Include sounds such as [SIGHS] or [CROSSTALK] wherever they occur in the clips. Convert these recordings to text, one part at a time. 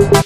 you.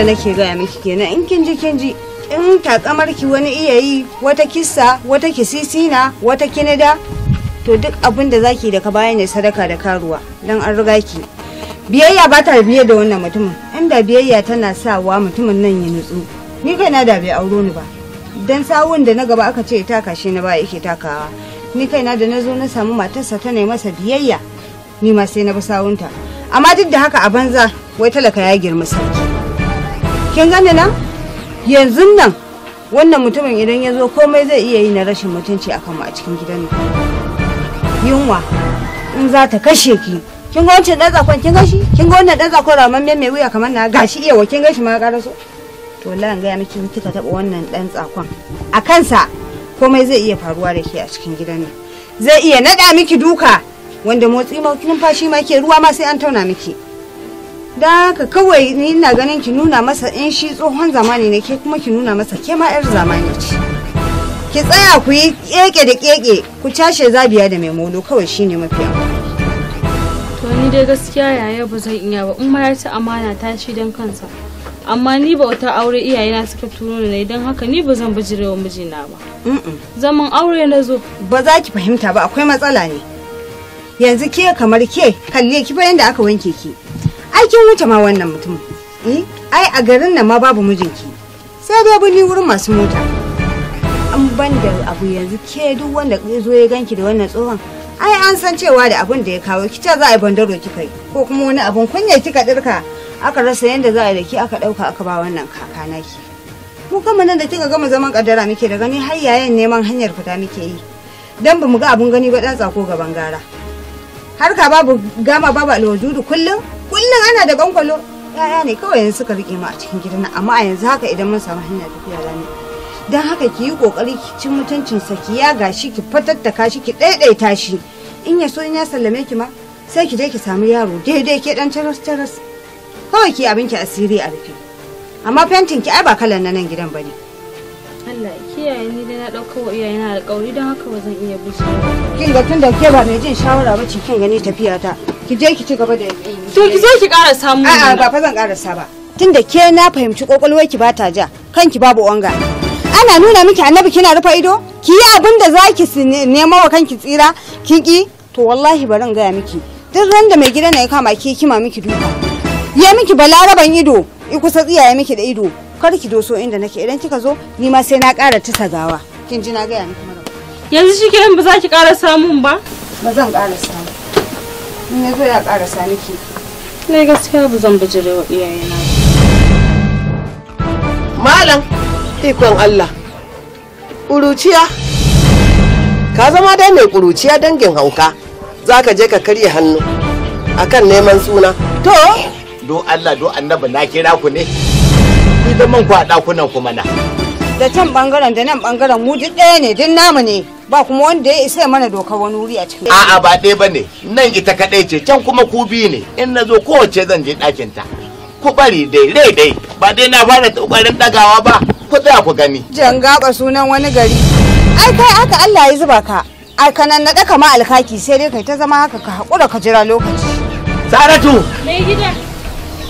da nake gaya miki kenan in kin ji kin ji in tatsamarki wani iyayi wata kissa wata kisisina wata kinida to duk abin da zaki da ka bayani ne sadaka da karuwa don an riga ki biyayya ba ta biye da wannan mutumin inda biyayya tana sawa mutumin nan ya nutsu ni kai na da bai auro ni ba dan sawun da na gaba aka ce ta kashe ni ba yake takawa ni kai na da na zo na samu matarsa ta nemi masa biyayya ni ma sai na bi sawunta amma duk da haka a banza wai talaka ya girma kin gane nan yanzu nan wannan mutumin idan ya zo komai zai iya yi na rashin mutunci akan mu a cikin gidan nan yunwa in za ta kashe ki kin ga wancan dan zakon kin gashi kin ga wannan dan zakon ramamme mai wuya kamar na gashi iya wa kin gashi ma ƙara raso to lan ga miki kika taba wannan dan tsakon a kansa komai zai iya faruwa da ke a cikin gidan nan zai iya nada miki duka wanda motsi ma fashi ma ke ruwa ma sai an tauna miki da haka kawai ni ina ganin ki nuna masa in shi tsohon zamani ne ke kuma ki nuna masa ke ma yar zamani ce ki tsaya ku yi keke da keke ku cashe zabiya da mai molo kawai shine mafi to ni dai gaskiya yaya ba zan iya ba in ma ya ci amana ta shi dan kansa amma ni wata aure iyaye na suka turo ni dan haka ni ba zan bijirewa mijina ba zaman aure na zo ba za ki fahimta ba akwai matsala ne yanzu ke kamar ke kalle ki bayan yanda aka wanke ki ai kin wuce ma wannan mutum eh, ai a garin nan ma babu mijinki sai dai ni wurin masu mota an ban da abu yanzu ke duk wanda ya zo ya ganki da wannan tsohon ai an san cewa da abin da ya kawo ki za a yi bandaro kika yi ko kuma wani abun kunya kika dirka aka rasa yanda za a yi da ki aka dauka aka ba wannan kaka naki mu kama nan da kika gama zaman kaddara muke da gani har yayin neman hanyar fita muke yi dan bamu ga abin gani ba dan tsako gaban gara harka babu gama babu lojudu kullum kullum ana da gankwalo yaya ne kawai yanzu suka rike mu a cikin gidan amma a yanzu haka idan mun samu hanya tafiya da ne dan haka ki yi kokari ki cin mutuncin sa ki ya gashi ki fatattaka shi ki daidaita shi in ya so in ya sallame ki ma sai ki je ki samu yaro daidai ke dan taras taras kawai ki abin ki asiri a rufe amma fentin ki ai ba kalan nan gidan bane Allah kiyaye ni da na ɗauka wa iyayena alƙawari don haka ba zan iya bushe kin ga da ke ba mai jin shawara ba kin gani tafiya ta ki je ki ci gaba da to ki so ki ƙara samu a'a ba fa zan ƙarasa ba tun da ke na fahimci kokolwar ki ba ta ja kanki babu wanga ana nuna miki annabi kina rufe ido ki yi abin da zaki nemo wa kanki tsira kin ki to wallahi barin gaya miki duk da mai gida na ya kama ki kima miki duka ya miki balaraban ido i kusa tsiyaye miki da ido kar ki doso inda nake idan kika zo ni ma sai na ƙara ta sagawa kin ji na gaya miki mara yanzu shi kenan ba za ki ƙara samun ba ba zan ƙara samu in ya zo ya ƙara sa niki ne gaskiya ba zan bijire wa iyayena malam ikon Allah ƙuruciya ka zama dai mai ƙuruciya dangin hauka za ka je ka karya hannu akan neman suna to don Allah don annabi na kira ku ne Ni man ku a dakunan ku Da can bangaren da nan bangaren mu duk ɗaya ne duk namu ne ba kuma wanda ya isa mana dokar wani wuri a cikin. A'a ba ɗaya ba ne nan ita kaɗai ce can kuma ku biyu ne in na zo kowace zan je ɗakinta. Ku bari dai rai dai ba dai na fara ƙoƙarin ɗagawa ba ku tsaya ku gani. Jangaba sunan wani gari. Ai kai haka Allah ya zuba ka. Ai na ɗaka ma alkaki sai dai kai ta zama haka ka haƙura ka jira lokaci. Saratu. Mai gida.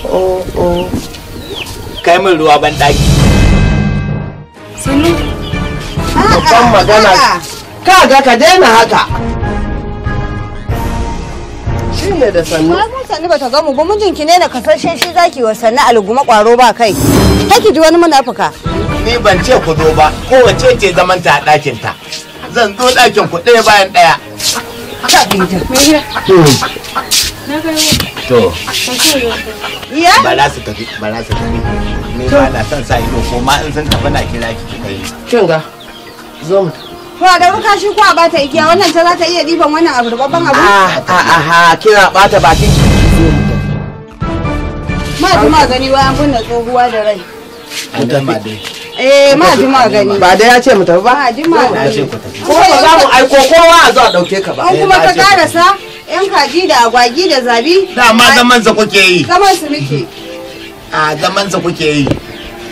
Oh oh. kai min ruwa ban daki sunu babban magana ka ga ka daina haka shine da sannu ba mun ba bata gamu ba mijinki ne na kasashen shi zaki wa sannu alguma kwaro ba kai kake ji wani munafuka ni ban ce ku zo ba kowace ce zaman ta a ɗakin ta zan zo ɗakin ku ɗaya bayan ɗaya to ba su tafi ba za su tafi ni ba na son sa ido ko ma in sun tafi na kira ki kai kin ga zo mu to da ruka shi ko a bata igiya wannan ta za ta iya diban wannan abu babban abu a a a kina bata bakin ki ma ma gani wa an kunna tsohuwa da rai ku tafi eh ma jima gani ba da ya ce mu tafi ba ma jima gani ko za mu aiko kowa a zo a dauke ka ba eh, An kuma ka karasa yan kaji da agwagi da zabi dama zaman sa kuke yi zaman su muke a zaman sa kuke yi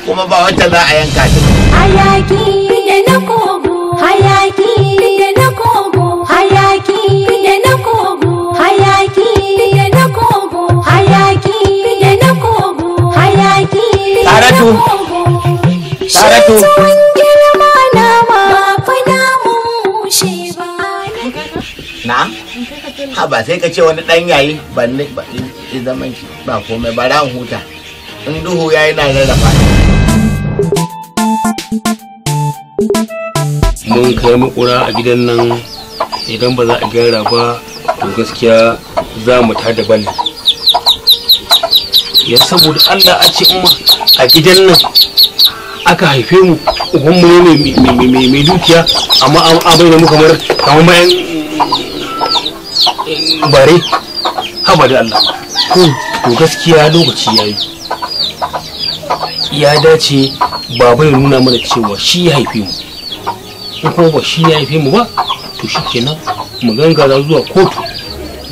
kuma ba wata za a yanka ta hayaki da na kogo hayaki da na kogo hayaki da na kogo hayaki da na kogo hayaki da na kogo hayaki Saratu Saratu Na? ha ba sai ka ce wani dan yayi ba ban zaman shi ba komai ba ran huta in duhu yi na rarrafa mun kai makura a gidan nan idan ba za a gyara ba to gaskiya za mu ta da balli ya saboda Allah a ce umma a gidan nan aka haife mu ubanmu ne mai dukiya amma abai da mu kamar kamar bare haba da Allah to gaskiya lokaci yayi ya dace baba ya nuna mana cewa shi ya haife mu in kuma ba shi ya haife mu ba to shikenan mu gangara zuwa kotu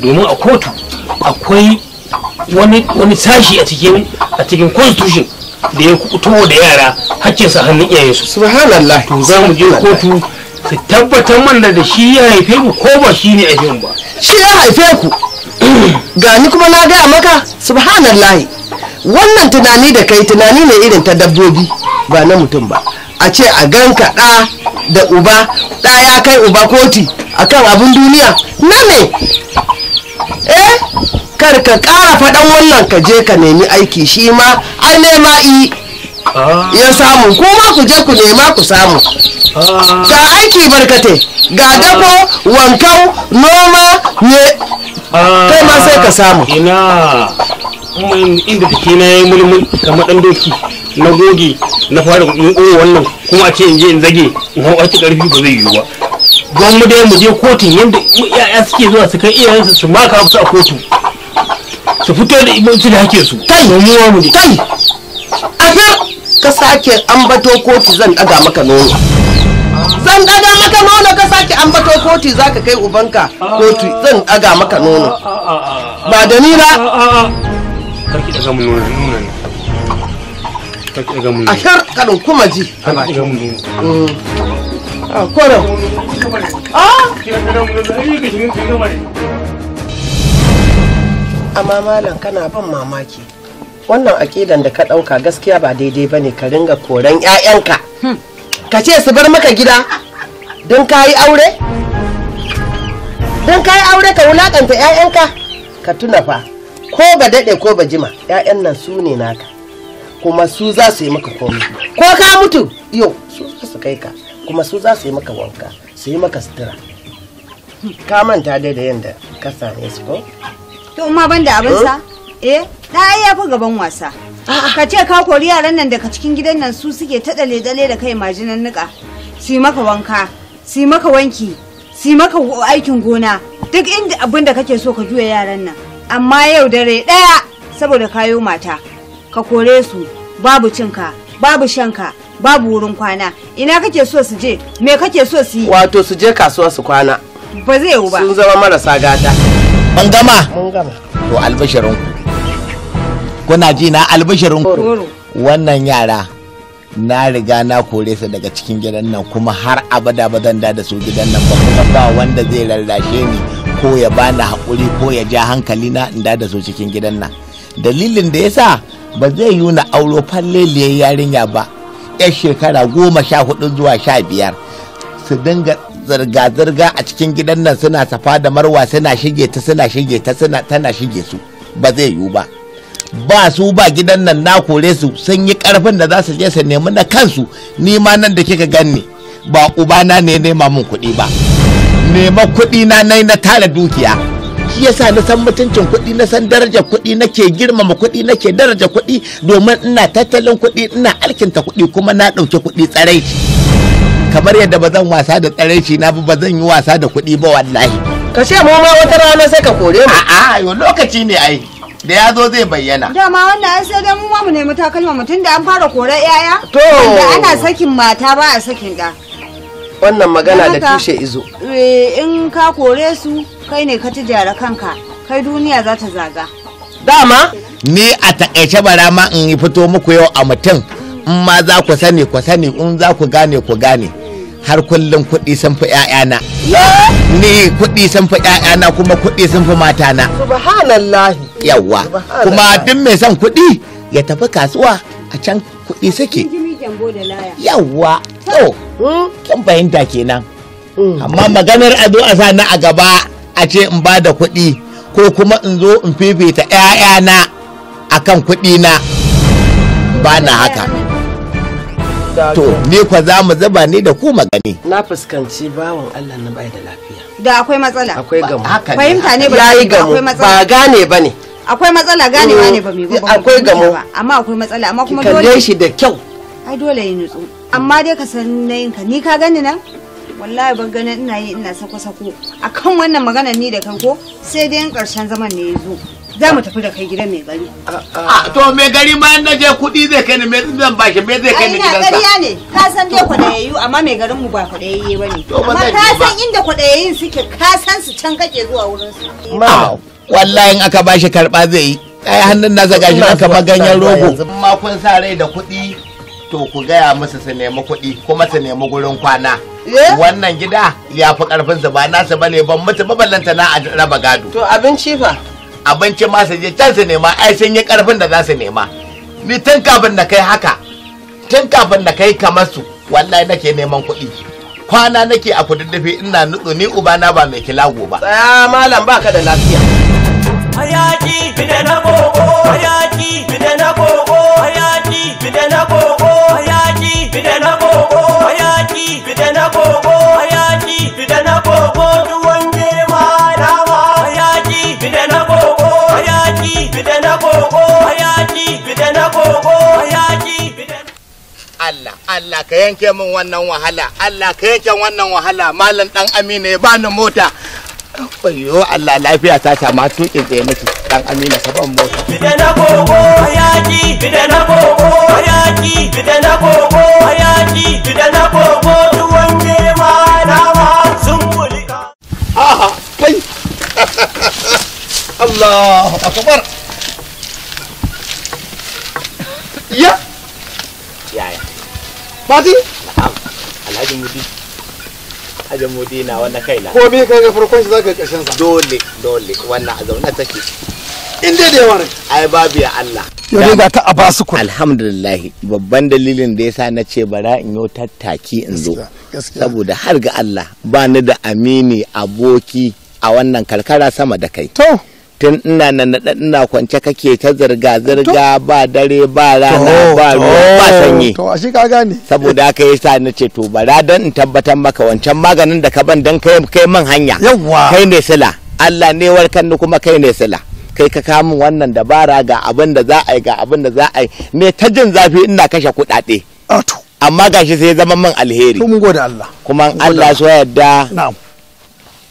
domin a kotu akwai wani sashi a cikin a cikin constitution da ya kuto da yara sa hannun iyayensu subhanallah to za mu je kotu su tabbatar mana da shi ya haife mu ko ba shi ne aihim ba shi ya haife ku [CLEARS THROAT] gani kuma na gaya maka subhanallahi wannan tunani da kai tunani ne irin ta dabbobi ba na mutum ba a ce a ganka ɗa da uba ɗa ya kai uba koti akan abin duniya na ne eh kar ka ƙara faɗan wannan ka je ka nemi aiki shi ma ai nema i Ah. ya samu kuma ku je ku nema ku samu ah. ga aiki barkate ga dako wankau noma ne ah. kai ma sai ka samu ina inda take na yi mulmul kamar dan doki na goge na fara kudin uwa wannan kuma a ce in je in zage in hau aiki karfi ba zai yiwu ba don mu dai mu je kotun yadda ya'ya suke zuwa su kai iyayen su maka su a kotu su fito da ibinci da hake su kai mu mu kai ka sake ambato koti zan daga maka nono zan daga maka nono ka sake ambato koti za ka kai ubanka koti zan daga maka nono ba da ni ba karki daga mun nono nono ne karki daga mun a shar kadin kuma ji daga mun nono mm. a kodo a amma malam kana ban mamaki wannan aƙidan da ka ɗauka gaskiya ba daidai ba ne ka ringa koran 'ya'yanka ka ce su bar maka gida don ka yi aure don ka yi aure ka wulaƙanta 'ya'yanka ka tuna fa ko ba daɗe ko ba jima 'ya'yan nan su ne naka kuma su za su yi maka komai ko ka mutu yau su za su kai ka kuma su za su yi maka wanka su yi maka sutura ka manta dai da yadda ka same su ko to ma ban da abin sa hmm? eh Na ya fi gaban wasa. Ka ce ka kori yaran nan daga cikin gidan nan su suke ta dale-dale da kai majinan nika. Si maka wanka, si maka wanki, si maka aikin gona. Duk inda abin da kake so ka juya yaran nan. Amma yau dare ɗaya saboda kayo mata. Ka kore su, babu cinka, babu shanka, babu wurin kwana. Ina kake so su je, me kake so su yi? Wato su je kasuwa su kwana. Ba zai yiwu ba. Sun zama marasa gata. Mun gama. Mun gama. To kuna ji na albishirin wannan yara na riga na kore su daga cikin gidan nan kuma har abada ba zan da su gidan nan ba kuma ba wanda zai rarrashe ni ko ya bani haƙuri ko ya ja hankali na in da su cikin gidan nan dalilin da yasa ba zai yi na auro falleliyar yarinya ba yar shekara goma sha hudu zuwa sha biyar su dinga zirga-zirga a cikin gidan nan suna safa da marwa suna shige ta suna shige ta suna tana shige su ba zai yiwu ba ba su ba gidan nan na kore su sun yi karfin da za su je su nemi na kansu ni ma nan da kika ganni ba ubana ne nema mun kuɗi ba nema kuɗi na nai na tara dukiya shi yasa na san mutuncin kuɗi na san darajar kuɗi nake girmama kuɗi nake daraja kuɗi domin ina tattalin kuɗi ina alkinta kuɗi kuma na ɗauki kuɗi tsaraici. kamar yadda ba zan wasa da tsaraici na ba zan yi wasa da kuɗi ba wallahi ka ce mu ma wata rana sai ka kore mu a'a yo lokaci ne ai da ya zo zai bayyana dama wannan an sai dai mu ne mu takalma mutum da an fara kore yaya to da ana sakin mata ba a sakin da wannan magana da tushe izo eh, in ka kore su kai ne ka tijara kanka kai duniya za ta zaga dama ni a takaice bara ma in fito muku yau a mutum in ma za ku sani ku sani in za ku gane ku gane har kullum kuɗi sun fi ‘ya'yana. Ni kuɗi sun fi ‘ya'yana kuma kuɗi sun fi matana. Subhanallahi. Yawwa. Kuma duk mai son kuɗi ya tafi kasuwa a can kuɗi suke. Yawwa. To, hmm? kin fahimta kenan. Hmm. Amma maganar a zo a sani a gaba a ce in ba da kuɗi ko kuma in zo in fifita ‘ya'yana akan kuɗi na ba na haka. to ni kwa za mu zaba ni da ku magani na fuskanci bawan Allah na bai da lafiya da akwai matsala akwai gamu fahimta ne ba yi gamu ba gane ba ne. akwai matsala gane ba ne ba mai ba akwai gamu amma akwai matsala amma kuma dole kalle shi da kyau ai dole ya nutsu amma dai ka san nayin ka ni ka gani nan wallahi ban gani ina yi ina sako sako akan wannan magana ni da kanko, ko sai dai in karshen zaman ne ya zo za mu tafi da kai gidan mai gari. To mai gari ma na je kuɗi zai kai ni me zan shi me zai kai ni gidansa. Ai ƙarya ne ka san dai kwaɗayayyu amma mai garin mu ba kwaɗayayye ba ne. Amma ka san inda kwaɗayayyun suke ka san su can kake zuwa wurin su. Ma ah, wallahi in aka shi karɓa zai yi. Ai hannun nasa gashi na kama ganyen rogo. Ma kun sa rai da kuɗi to ku gaya musu su nemi kuɗi kuma su nemi gurin kwana. Eh? Wannan gida ya fi ƙarfinsa ba nasa bane ban mutu ba. maballanta na a raba gado. To abinci fa. abinci ma su je can su nema ai sun yi karfin da za su nema ni tun kafin na kai haka tun kafin na kai kamar su wallahi nake neman kuɗi kwana nake a kududdufi ina nutsu ni ubana ba mai kilago ba tsaya malam ka da lafiya hayaki bida na gogo hayaki bida na gogo hayaki bida na gogo hayaki bida na gogo hayaki bida na gogo hayaki bida na gogo koko fita na koko Allah Allah ka yanke min wannan wahala Allah ka yanke wannan wahala malam dan Amina ya bani mota Ayyo Allah lafiya ta ta ma tukin tsaye miki dan Amina saban mota fita na koko hayaki fita na koko hayaki fita na koko hayaki fita na koko tuwon ma na ma sun mulika aha kai [LAUGHS] Allahu akbar Fati? Na'am. Alhaji Mudi. Alhaji Mudi na wannan kaina. Ko me kai ga farkon shi zaka kashin sa? Dole, dole wannan a zauna take. In dai da yawan. Ai babu ya Allah. Yau ga ta a basu ku. Alhamdulillah babban dalilin da yasa na ce bara in yo tattaki in zo. Saboda har ga Allah ba ni da amini aboki a wannan karkara sama da kai. To. tun ina nan na ina kwance kake ta zirga zirga ba dare ba rana ba ruwa ba sanyi to ashe ka gane saboda haka yasa na ce to bara dan in tabbatar maka wancan maganin da ka ban dan kai kai man hanya yawa kai ne sila Allah ne warkar ni kuma kai ne sila kai ka kamu wannan dabara ga abin da za a yi ga abin da za a yi ne ta jin zafi ina kashe kuɗaɗe amma gashi sai zama man alheri to mun gode Allah kuma Allah so yarda na'am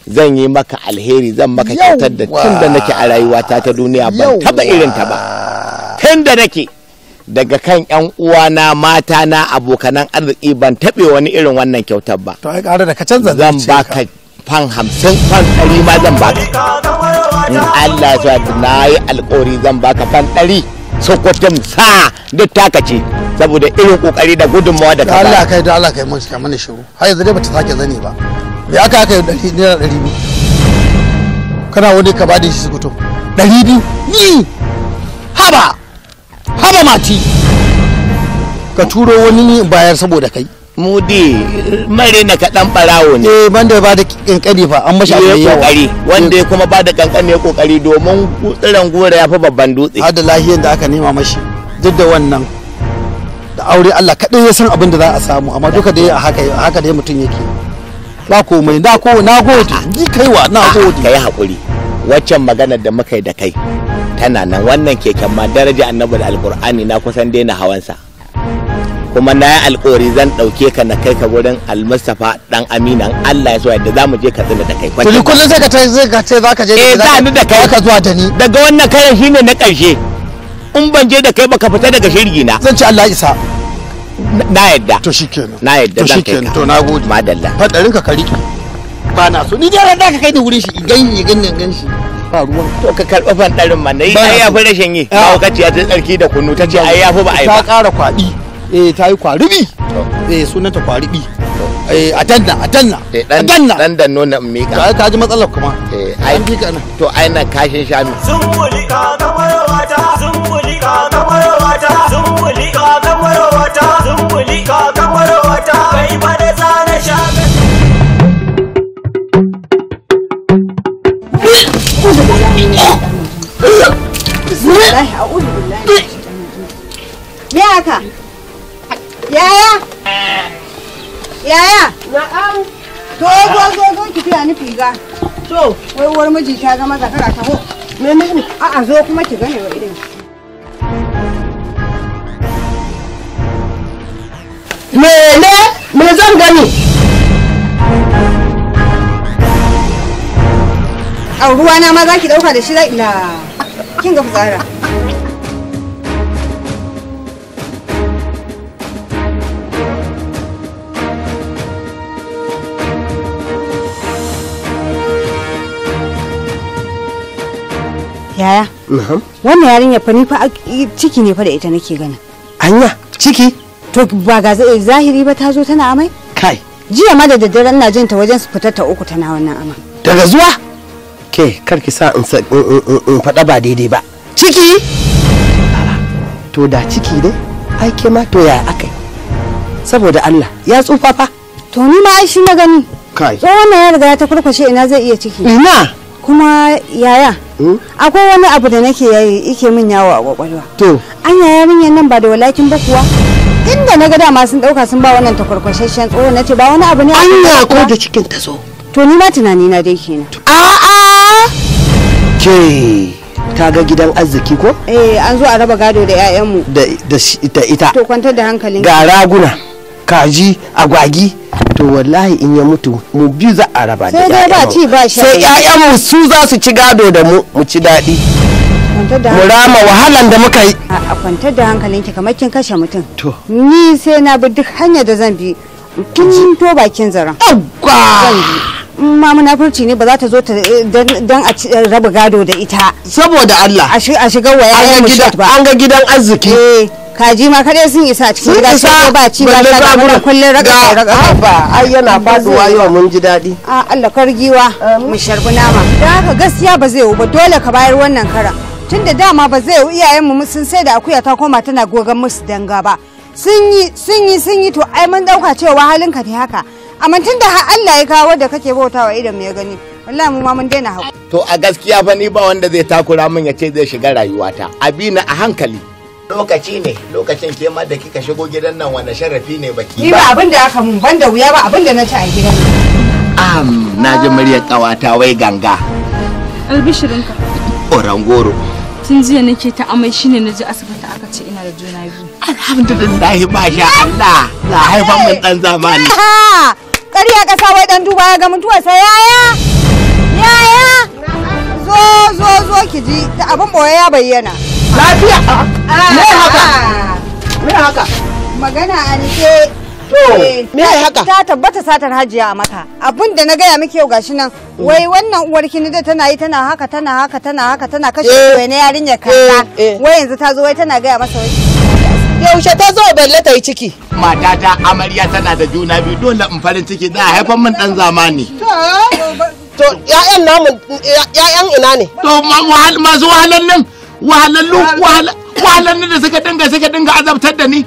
zan yi maka alheri zan maka kyautar da tun da nake a rayuwata ta duniya ban taba irin ta ba tun da nake daga kan yan uwana mata na abokanan arziki ban taɓe wani irin wannan kyautar ba to ai da ka canza zan baka fan hamsin fan ɗari ma zan baka in Allah ya sa na yi alƙawari zan baka fan ɗari sokotin sa duk taka ce saboda irin kokari da gudunmawa da ka Allah kai da Allah kai mun shiga mana shiru har yanzu dai bata sake zani ba me aka aka yi naira ɗari biyu kana wani ka bada shi sukuto ɗari biyu ni haba haba mati ka turo wani ni bayar saboda kai mudi mare na kaɗan ɓarawo ne eh banda ba da kankani fa an mashi abu yawa kokari wanda ya kuma ba da kankani ya kokari domin tsiran gora ya fi babban dutse har da lahiyar da aka nema mashi duk da wannan da aure Allah kaɗai ya san abin da za a samu amma duka da a haka dai mutum yake ba komai na ko na gode ni kaiwa na gode kai hakuri waccan maganar da muka yi da kai tana nan wannan keken ma daraja annabi da alkur'ani na kusan daina hawansa kuma na yi alkawari zan ɗauke ka na kai ka gurin almustafa dan aminan allah ya so yadda za mu je ka tsina da kai kuli kullum sai ka ta zai ka ce za ka je eh za ni da kai ka zuwa da ni daga wannan kayan shine na ƙarshe in ban je da kai ba ka fita daga shirgi na zan ci allah isa na yadda to shikenan na yadda to shikenan to na gode madalla fadarin ka kari ba na so ni dai da ka kai ni wurin shi idan ya ganshi. gan ba ruwan to ka karba fadarin ma nayi ai ya fi rashin yi ba ah. ka ciya ta tsarki da kunu ta ce ai ya fi ba ai ba ta ƙara kwaɗi eh ta yi kwaribi eh sunanta kwaribi eh a danna a danna eh, a danna dan danno mi mika ka ji matsalar kuma eh ai mika na to ai na kashin shanu wuli ka ga sun wuli ka ga sun wuli. Me haka? Yaya? Yaya? Na'am. To zo zo zo ki fiya ni figa. To, wai uwar miji ta zama zakara ta ho. Me ne? ni A'a zo kuma ki gane wa idan. Mene? Me zan gani? a ruwana ma za ki ɗauka da shi zai la kin ga fuzara yaya wannan yarinya fa ni fa ciki ne fa da ita nake ganin anya ciki to ba ga eh, zahiri ba ta zo tana amai kai jiya ma da daddare ina jin ta wajen su fitar ta uku tana wannan amai daga zuwa ke karki sa in faɗa ba daidai ba ciki to da ciki ne ai ke ma to ya akai saboda Allah ya tsufa fa to ni ma ai shi na gani kai tsohon ya riga ta kurkushe ina zai iya ciki ina kuma yaya hmm? akwai wani abu da nake yayi yake min yawo a kwakwalwa to an yaya min nan ba da walakin ba kuwa inda na ga dama sun dauka sun ba wannan takwarkwashashen tsohon nace ba wani abu ne an ya ko da cikin ta zo to ni ma tunani na dai kenan a'a ce ta ga gidan arziki ko? eh an zo a raba gado da 'ya'yanmu da ita to kwantar da hankalin ga raguna kaji agwagi to wallahi in ya mutu mu biyu za a raba da sai ba ci ba sha sai ƴaƴanmu su za su ci gado da mu mu ci daɗi mu rama wahalan da muka yi a kwantar da hankalin ki kamar kin kashe mutum to ni sai na bi duk hanyar da zan bi kin to bakin zaran agwa ma munafurci ne ba za ta zo ta eh, don a eh, raba gado da ita saboda Allah a shiga waya an ga gidan arziki eh, kaji ma kadai sun isa cikin gida sai ba ci ba ta da kullun raga raga ba ai yana faduwa yau mun ji dadi a Allah kargiwa mu sharbi nama da haka gaskiya ba zai yiwu ba dole ka bayar wannan kara tunda dama ba zai yiwu iyayenmu sun sai da akuya ta koma tana gogan musu danga ba sun yi sun yi sun yi to ai mun dauka cewa halinka ne haka amma tun da Allah ya kawo da kake bautawa idan mai gani wallahi mu ma mun daina hau to a gaskiya fa ni ba wanda zai takura min ya ce zai shiga rayuwata abina a hankali lokaci ne lokacin ke ma da kika shigo gidan nan wanda sharafi ne baki ni ba abin da aka mun banda wuya ba abin da na ci a gidan am na ji muryar kawata wai ganga albishirinka orangoro tun jiya nake ta amai shine naje asibiti aka ce ina da juna biyu alhamdulillah ba sha Allah za haifan mun dan zamani a kasa wai dan duba ya ga mutuwa sai yaya yaya zo zo zo ki ji abin boye ya bayyana lafiya ah, me haka ah. me haka magana a nike to eh, me ai haka ta tabbata satar hajiya a maka abin da na gaya miki yau gashi nan wai wannan uwar kini da tana yi tana haka tana haka tana haka tana kashe eh, wai na yarinya kalla eh, wai yanzu ta zo wai tana gaya masa wai yaushe ta zo balle ta yi ciki matata amarya tana da juna biyu dole in farin ciki da haifan min dan zamani to ya'yan namu ya'yan ina ne to masu wahalannin wahalallu wahalannin da suka dinga suka dinga azabtar da ni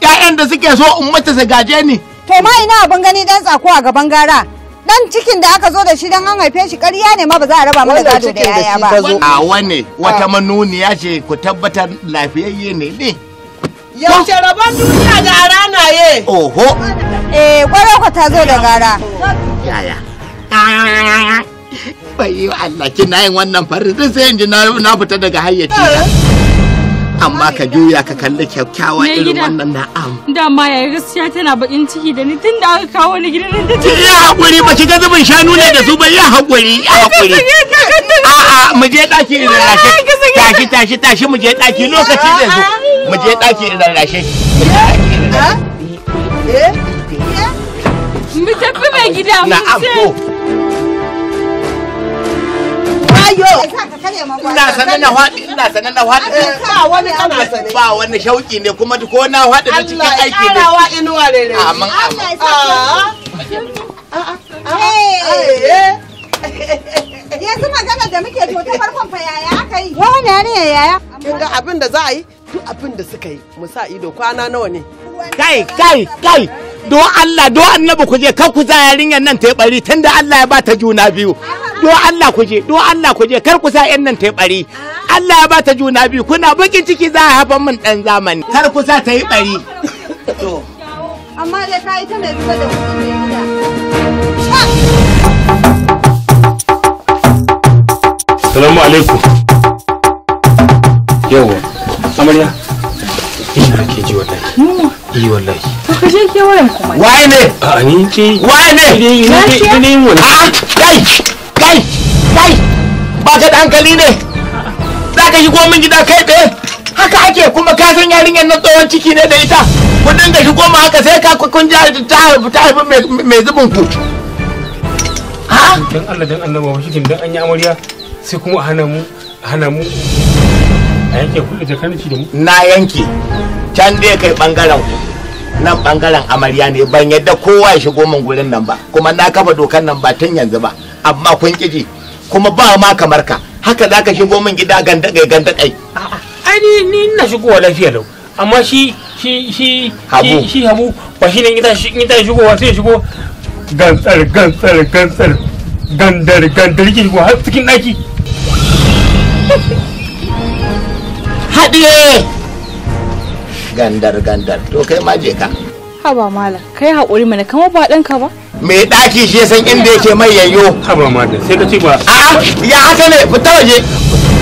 ya'yan da suke so in mace su gaje ni to ma ina abin gani dan tsako a gaban gara dan cikin da aka zo da shi dan an haife shi ƙarya ne ma ba za a raba mana gado da yaya ba a wane wata ah. manuniya ce ku tabbatar lafiyayye ne ne Yaushe rabon duniya da rana ye. Oho. Eh kwarokwa ta zo da gara. Yaya. Bai yi Allah kina yin wannan farin sai in ji na fita daga hayyaci. Eh. amma ka juya ka kalli kyakkyawan irin wannan na'am dama ya gaskiya tana bakin ciki da ni tun da aka kawo ni gidan da ta ya hakuri ba ki ga zubin shanu ne da su ba ya hakuri ya hakuri A'a mu je daki idan rashe tashi tashi tashi mu je daki lokaci zai zo mu je daki idan rashe mu tafi mai gida mu na'am ko wayo ina sanar na faɗi ina sanar na faɗi ba wani ana sanar ba wani shauki ne kuma ko na faɗi na cikin aiki ne Allah ya inuwa rere amin amin yanzu magana da muke to ta farkon fa yaya aka yi wani ne yaya kin ga abin da za a yi duk abin da suka yi mu sa ido kwana nawa ne kai kai kai do Allah do annabi ku je kar ku za yarinyar nan ta yi bari da Allah ya ba ta juna biyu do Allah ku je do Allah ku je kar ku za yan nan ta yi bari Allah ya ba ta juna biyu kuna bakin ciki za a hafa min dan zamani kar ku za ta yi bari to amma da ta yi ne zuwa da Salamu alaikum. Yawwa, amarya. Ina ke ji wata Yi wallahi. Ku je ke wurin kuma. Waye ne? A ni ce. Waye ne? Ni mu. A ah, kai kai kai ba ka da hankali ne. Za ka shigo min gida kai tsaye. Haka ake kuma ka san yarinyar na tsohon ciki ne da ita. Ku dinga shigo mu haka sai ka kun ja ta haifi mai zubin ku. Ha? Dan Allah dan Allah ba shi dan an yi amarya sai kuma hana mu hana mu a yanke da kanci da mu. Na yanke. Can dai kai bangaren ku. nan bangaren amarya ne ban yadda kowa ya shigo min gurin nan ba kuma na kafa dokan nan ba tun yanzu ba amma kun kiji kuma ba ma kamar ka haka zaka ka shigo min gida ganda kai ganda kai a ni ni shigo wa lafiya lau amma shi shi shi habu shi habu ba shi ne ita shi ita wa sai shigo gantsar gantsar gantsar gandar gandar ki shigo har cikin daki haɗiye gandar gandar to kai ma je ka haba mala kai haƙuri mana kama ba ɗanka ba mai ɗaki shi san inda yake mai yayyo haba mala sai ka ci ba a ya haka ne fita waje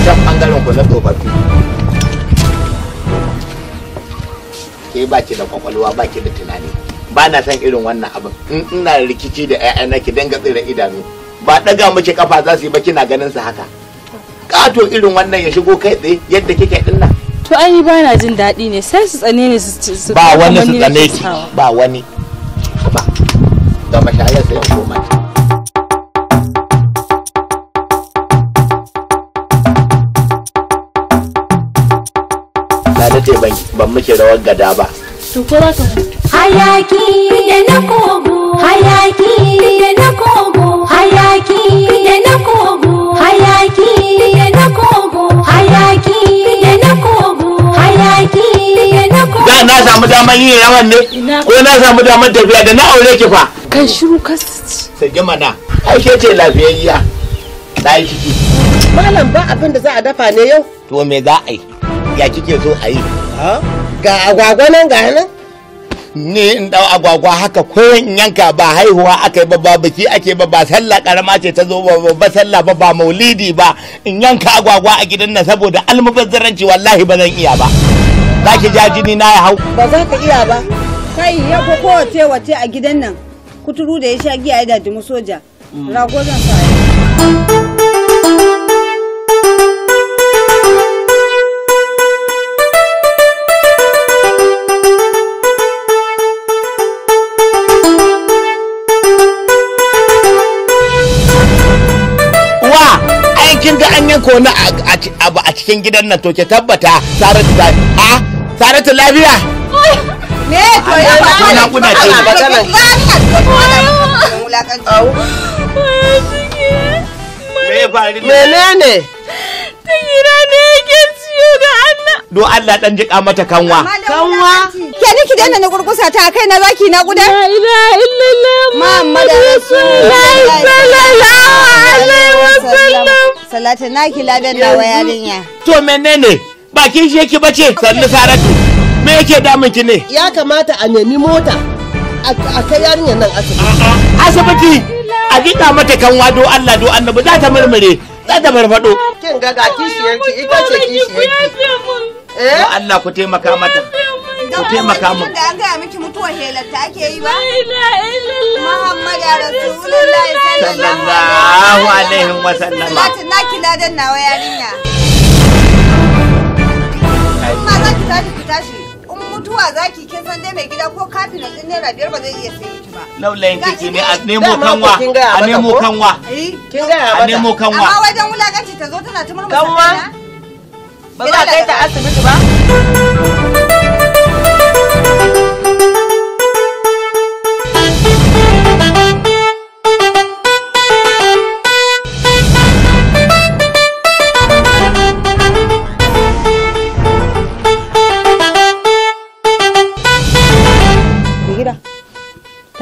can bangaren ku na tsofaffi ke ba ki da kwakwalwa ba ki da tunani ba na san irin wannan abin in ina rikici da na ki danga tsira idanu ba ɗaga miki kafa za su yi ba kina ganin su haka ƙato irin wannan ya shigo kai tsaye yadda kike dinnan to an yi na jin daɗi ne sai su tsane ne su ba wani su tsane ki ba wani ba da mashayar sai koma na ce ban muke rawar gada ba. To ko za ka Hayaki da na kogo, hayaki da na kogo, hayaki da na kogo, hayaki wannan na samu damar yin yawan ne ko na samu damar tafiya da na aure ki fa kai shiru ka sai mana ai ke ce lafiyayya na yi ciki malam ba abin da za a dafa ne yau to me za a yi ya kike so a yi ga agwagwa nan ga nan ni in dau agwagwa haka ko in yanka ba haihuwa aka yi ba ba biki ake ba ba sallah karama ce ta zo ba ba sallah ba ba maulidi ba in yanka agwagwa a gidan nan saboda almubazzaranci wallahi ba zan iya ba zaki ki ja jini na ya hau ba za ka iya ba kai ya ko kowace wace a gidan nan kuturu da ya sha giya ya daji soja rago zan sa ga an yi wani abu a cikin gidan nan to ke tabbata saratu ta a saratu lafiya me to ya ba ta na kuna ce ba ta menene ta gira ne da Allah do Allah dan jika mata kanwa kanwa ke ni ki danna na gurgusa ta kai na zaki na gudan la ilaha illallah muhammadu rasulullahi sallallahu alaihi wasallam salatu naki ladan na wayarinya to menene bakin shi yake bace sannu saratu me yake damun ki ne ya kamata a nemi mota a kai yarinyar nan asibiti asibiti a jika mata kanwa do Allah do annabi za ta murmure za ta farfado kin ga ga kishiyarki ita ce kishiyarki eh Allah ku taimaka mata ku taimaka mu da ga miki mutuwar helar ake yi ba Muhammad ya Rasulullahi sallallahu alaihi wa sallam Latin na kila dan nawa yarinya Ma za ki tashi ki tashi in mutuwa zaki kin san dai mai gida ko kafin din naira biyar ba zai iya sayi laulayin kike ne a nemo kanwa a nemo kanwa eh, a nemo kanwa amma wajen wulakanci ta zo tana ta murmusa kanwa ba za ta asibiti ba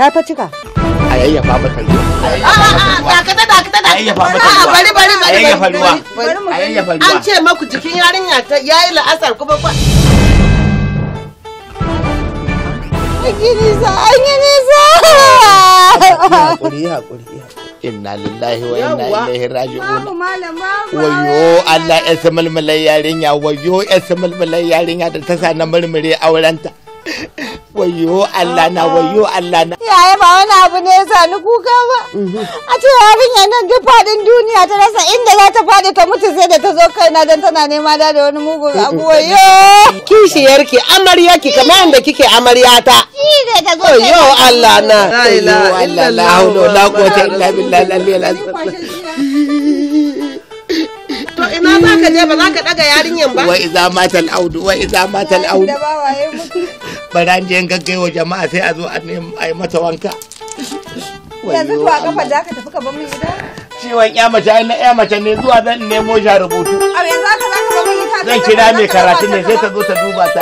ta fa cika a yayyafa mata ruwa dakata dakata da yayyafa mata ruwa bari bari bari yayyafa ruwa a yayyafa ruwa an ce maku jikin yarinya ta yayi la'asar kuma ba an yi nisa an yi nisa hakuri hakuri inna lillahi wa inna ilaihi raji'un wayo Allah ya sa malmalai yarinya wayo ya sa malmalai yarinya da ta sa na murmure aurenta wayo Allah na wayo Allah na yaya ba wani abu ne ya sani kuka ba. A ce yarinyar nan duk faɗin duniya ta rasa inda za ta faɗi ta mutu sai da ta zo kaina don tana nema da da wani mugun abu wayo. Kishiyarki amaryarki kamar yadda kike ta. Shi ta zo kaina. Yo Allah na. La ilaha illallah. La ilaha illallah. La ilaha illallah. za ka je ba za ka daga yarinyan ba wa iza matal audu wa iza matal audu bara je gaggai wa jama'a sai a zo a yi mata wanka yanzu ba kafa za ka tafi ka bar gida ciwon ya mace ai na ya mace ne zuwa zan nemo shi rubutu a yanzu za ka za ka bar gida zan kira mai karatu ne sai ta zo ta duba ta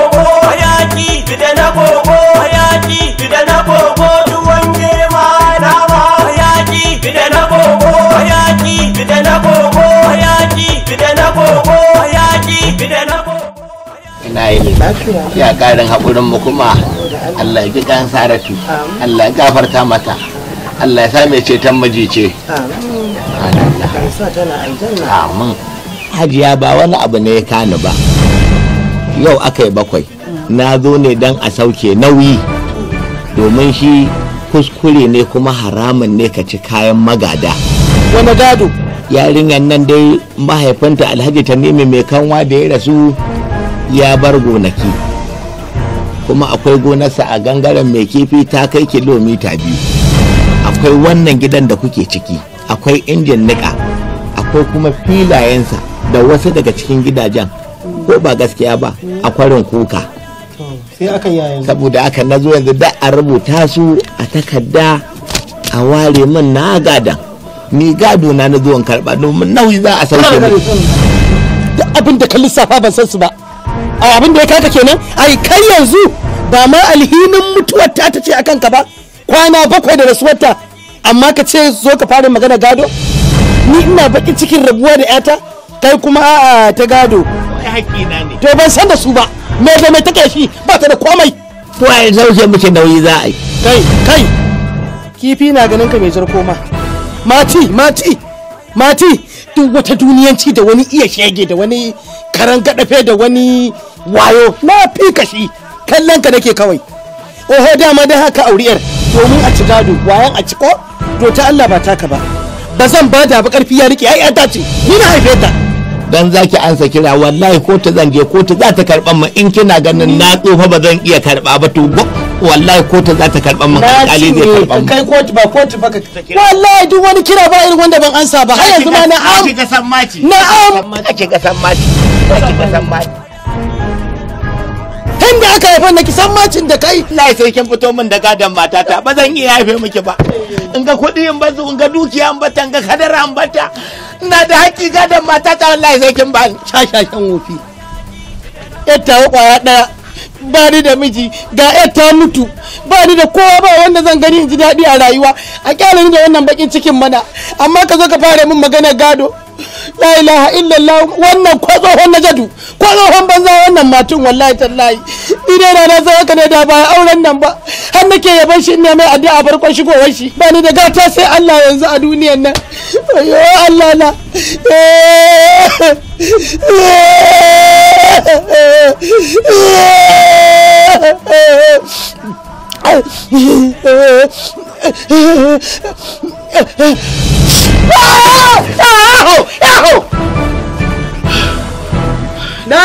na yi ya karin haƙurin mu kuma Allah ya ji kan saratu Allah ya gafarta mata Allah ya sa mai ceton majice amin hajiya ba wani abu ne ya kani ba yau aka yi bakwai na zo ne don a sauke nauyi domin shi kuskure ne kuma haramun ne ka ci kayan magada wani gado yarinyar nan dai mahaifinta alhaji ta nemi mai kanwa da ya rasu ya bar gonaki kuma akwai gonarsa a gangaren mai kifi ta kai kilomita biyu akwai wannan gidan da kuke ciki akwai injin niƙa akwai kuma filayensa da wasu daga cikin gidajen ko ba gaskiya ba a kwarin kuka saboda aka nazo yanzu da a rubuta su a takarda a ware min na gada ni gado na na zuwan domin nauyi za a sauke mu duk abin ka lissafa ban san su ba abin da ya kaka kenan ai kai yanzu ba ma alhinin mutuwar ta ce akan ka ba kwana bakwai da rasuwarta amma ka ce zo ka fara magana gado ni ina bakin cikin rabuwa da yata kai kuma a'a ta gado to ban san da su ba me da mai take shi ba ta da komai to ai zauje muke nauyi za a yi kai kai kifi na ganin ka mai jarko ma mati mati mati duk wata duniyanci da wani iya shege da wani karan gadafe da wani wayo na fi ka shi kallon ka nake kawai oho dama dai haka auriyar domin a ci gado wayan a ci ko to ta Allah ba taka ba ba zan ba da ba karfi ya rike ai ta ce ni na haife ta dan zaki ansa kira wallahi ko ta zan je ko ta za ta karban mu in kina ganin na tsofa ba zan iya karba ba to wallahi kotu za ta karban mu alƙali zai karban mu kai kotu ba kotu baka ta kira wallahi duk wani kira ba irin wanda ban ansa ba har yanzu ma na am na am ake kasan maci ake kasan maci tun da aka haifa na kisan macin da kai lai sai kin fito min da gadon matata ba zan iya haife miki ba in ga kuɗi in bazu in ga dukiya in bata in ga kadara in bata ina da haƙƙi gadon matata wallahi sai kin bani shashashan wofi yatta ƙwaya ɗaya ba ni da miji ga yatta mutu ba ni da kowa ba wanda zan gani in ji daɗi a rayuwa a kyalin da wannan baƙin cikin mana amma ka zo ka fara min magana gado la ilaha illallah wannan kwatsohon na jadu kwatsohon banza wannan matun wallahi tallahi ni dai na sai haka ne da ba auren nan ba har nake yaban shi ne mai addu'a farkon shigowar shi ba ni da gata sai Allah yanzu a duniyar nan ayo Allah na [LAUGHS] yaho yaho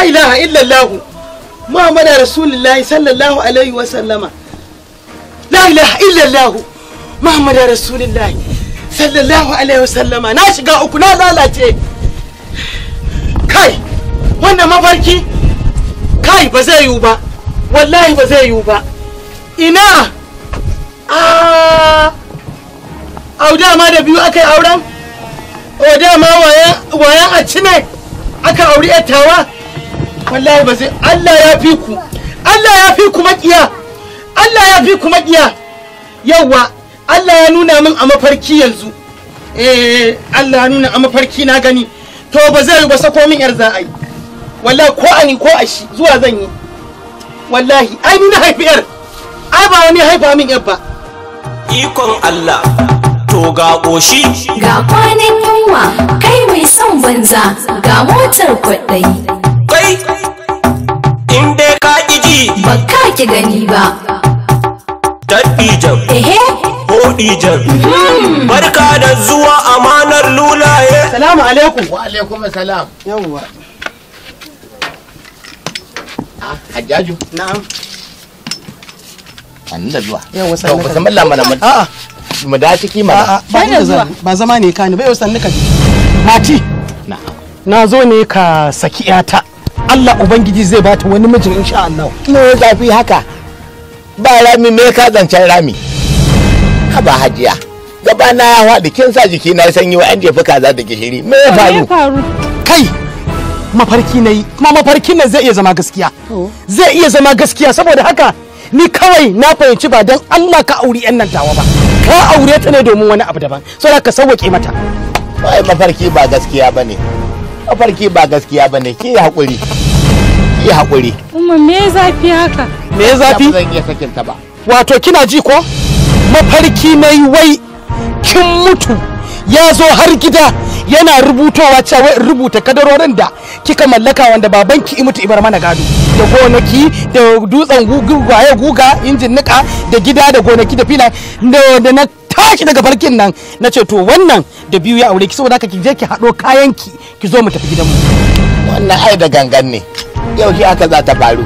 ilaha illallah muhammadu rasulullahi sallallahu alaihi wa sallama la ilaha illallah Muhammad rasulullahi sallallahu alaihi wa sallama na shiga uku na lalace kai wannan mafarki kai ba zai yiwu ba wallahi ba zai yiwu ba ina ah au dama da biyu aka yi auren o dama wayan a cime aka auri yattawa wallahi ba sai allah ya fi ku allah ya fi ku makiya allah ya fi ku makiya yawwa allah ya nuna min a mafarki yanzu eh allah ya nuna a mafarki na gani to ba zai yi ba sako min yar za a yi wallahi ko ani ko a shi zuwa zan yi wallahi ai ni na haifi yar ai ba wani haifa min yar ba ikon allah to ga ƙoshi ga kwanan yunwa kai mai son banza ga motar kwaɗayi kai in dai ka ji ba ka ki gani ba tabbijan ehe hodijan hmm. barka da zuwa amanar lulaye salamu alaikum wa alaikum salam yawwa ah, hajjaju na'am annin da zuwa yawwa sallallahu alaihi wasallam a'a mu da ciki ma ba zuwa ba zama ne ka ni bai wasan nika mati na zo ne ka saki yata Allah ubangiji zai bata wani mijin insha Allah ne zafi haka ba rami me ka zancen rami ka ba hajiya gaba na ya faɗi kin sa jiki na sanyi wa an kaza da gishiri me ya faru kai mafarki na yi kuma mafarki nan zai iya zama gaskiya zai iya zama gaskiya saboda haka ni kawai na fahimci ba don Allah ka auri 'yan nan tawa ba. ka aure ta ne domin wani abu daban saboda ka sauwake mata ai mafarki ba gaskiya bane mafarki ba gaskiya bane ki hakuri ki hakuri umma me zafi haka me zafi zan iya sakin ta ba wato kina ji ko mafarki mai wai kin mutu ya zo har gida yana rubutowa cewa rubuta kadarorin da kika mallaka wanda babanki imutu ibar mana gado da gonaki da dutsen waye guga injin nika da gida da gonaki da filan da na tashi daga farkin nan na ce to wannan da biyu ya aure ki saboda ka ki je ki hado kayan ki ki zo mu tafi gidanmu wannan ai da gangan ne yau shi aka za ta faru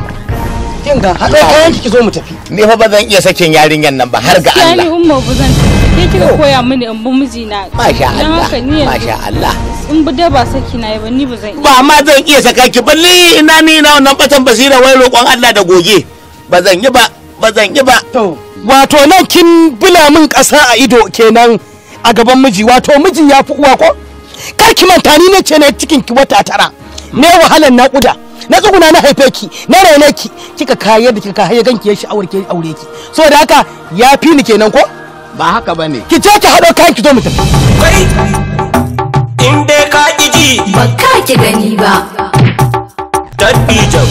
kin ga hado kayan ki ki zo mu tafi ni fa ba zan iya sakin yarinyan nan ba har ga Allah ni umma ba zan Ke kika koya mini in bi mijina. Masha Allah. Masha Allah. In bi dai ba saki na yi ba ni ba zan iya. Ba ma zan iya saka ki balle ina ni ina wannan batan basira wai roƙon Allah da goge. Ba zan yi ba ba zan yi ba. Wato nan kin bila min ƙasa a ido kenan a gaban miji wato miji ya fi uwa ko? Kar ki manta ni ne ce ne cikin ki wata tara. Ne wahalan naƙuda. na tsuguna na haife ki na raine ki kika kayar da kika kayar ganki ya sha'awar ki aure ki saboda haka ya fi ni kenan ko ba haka ba ne ki je ki haɗo kayan ki zo mu tafi kai in dai ka ki ji ba ka ki gani ba jam.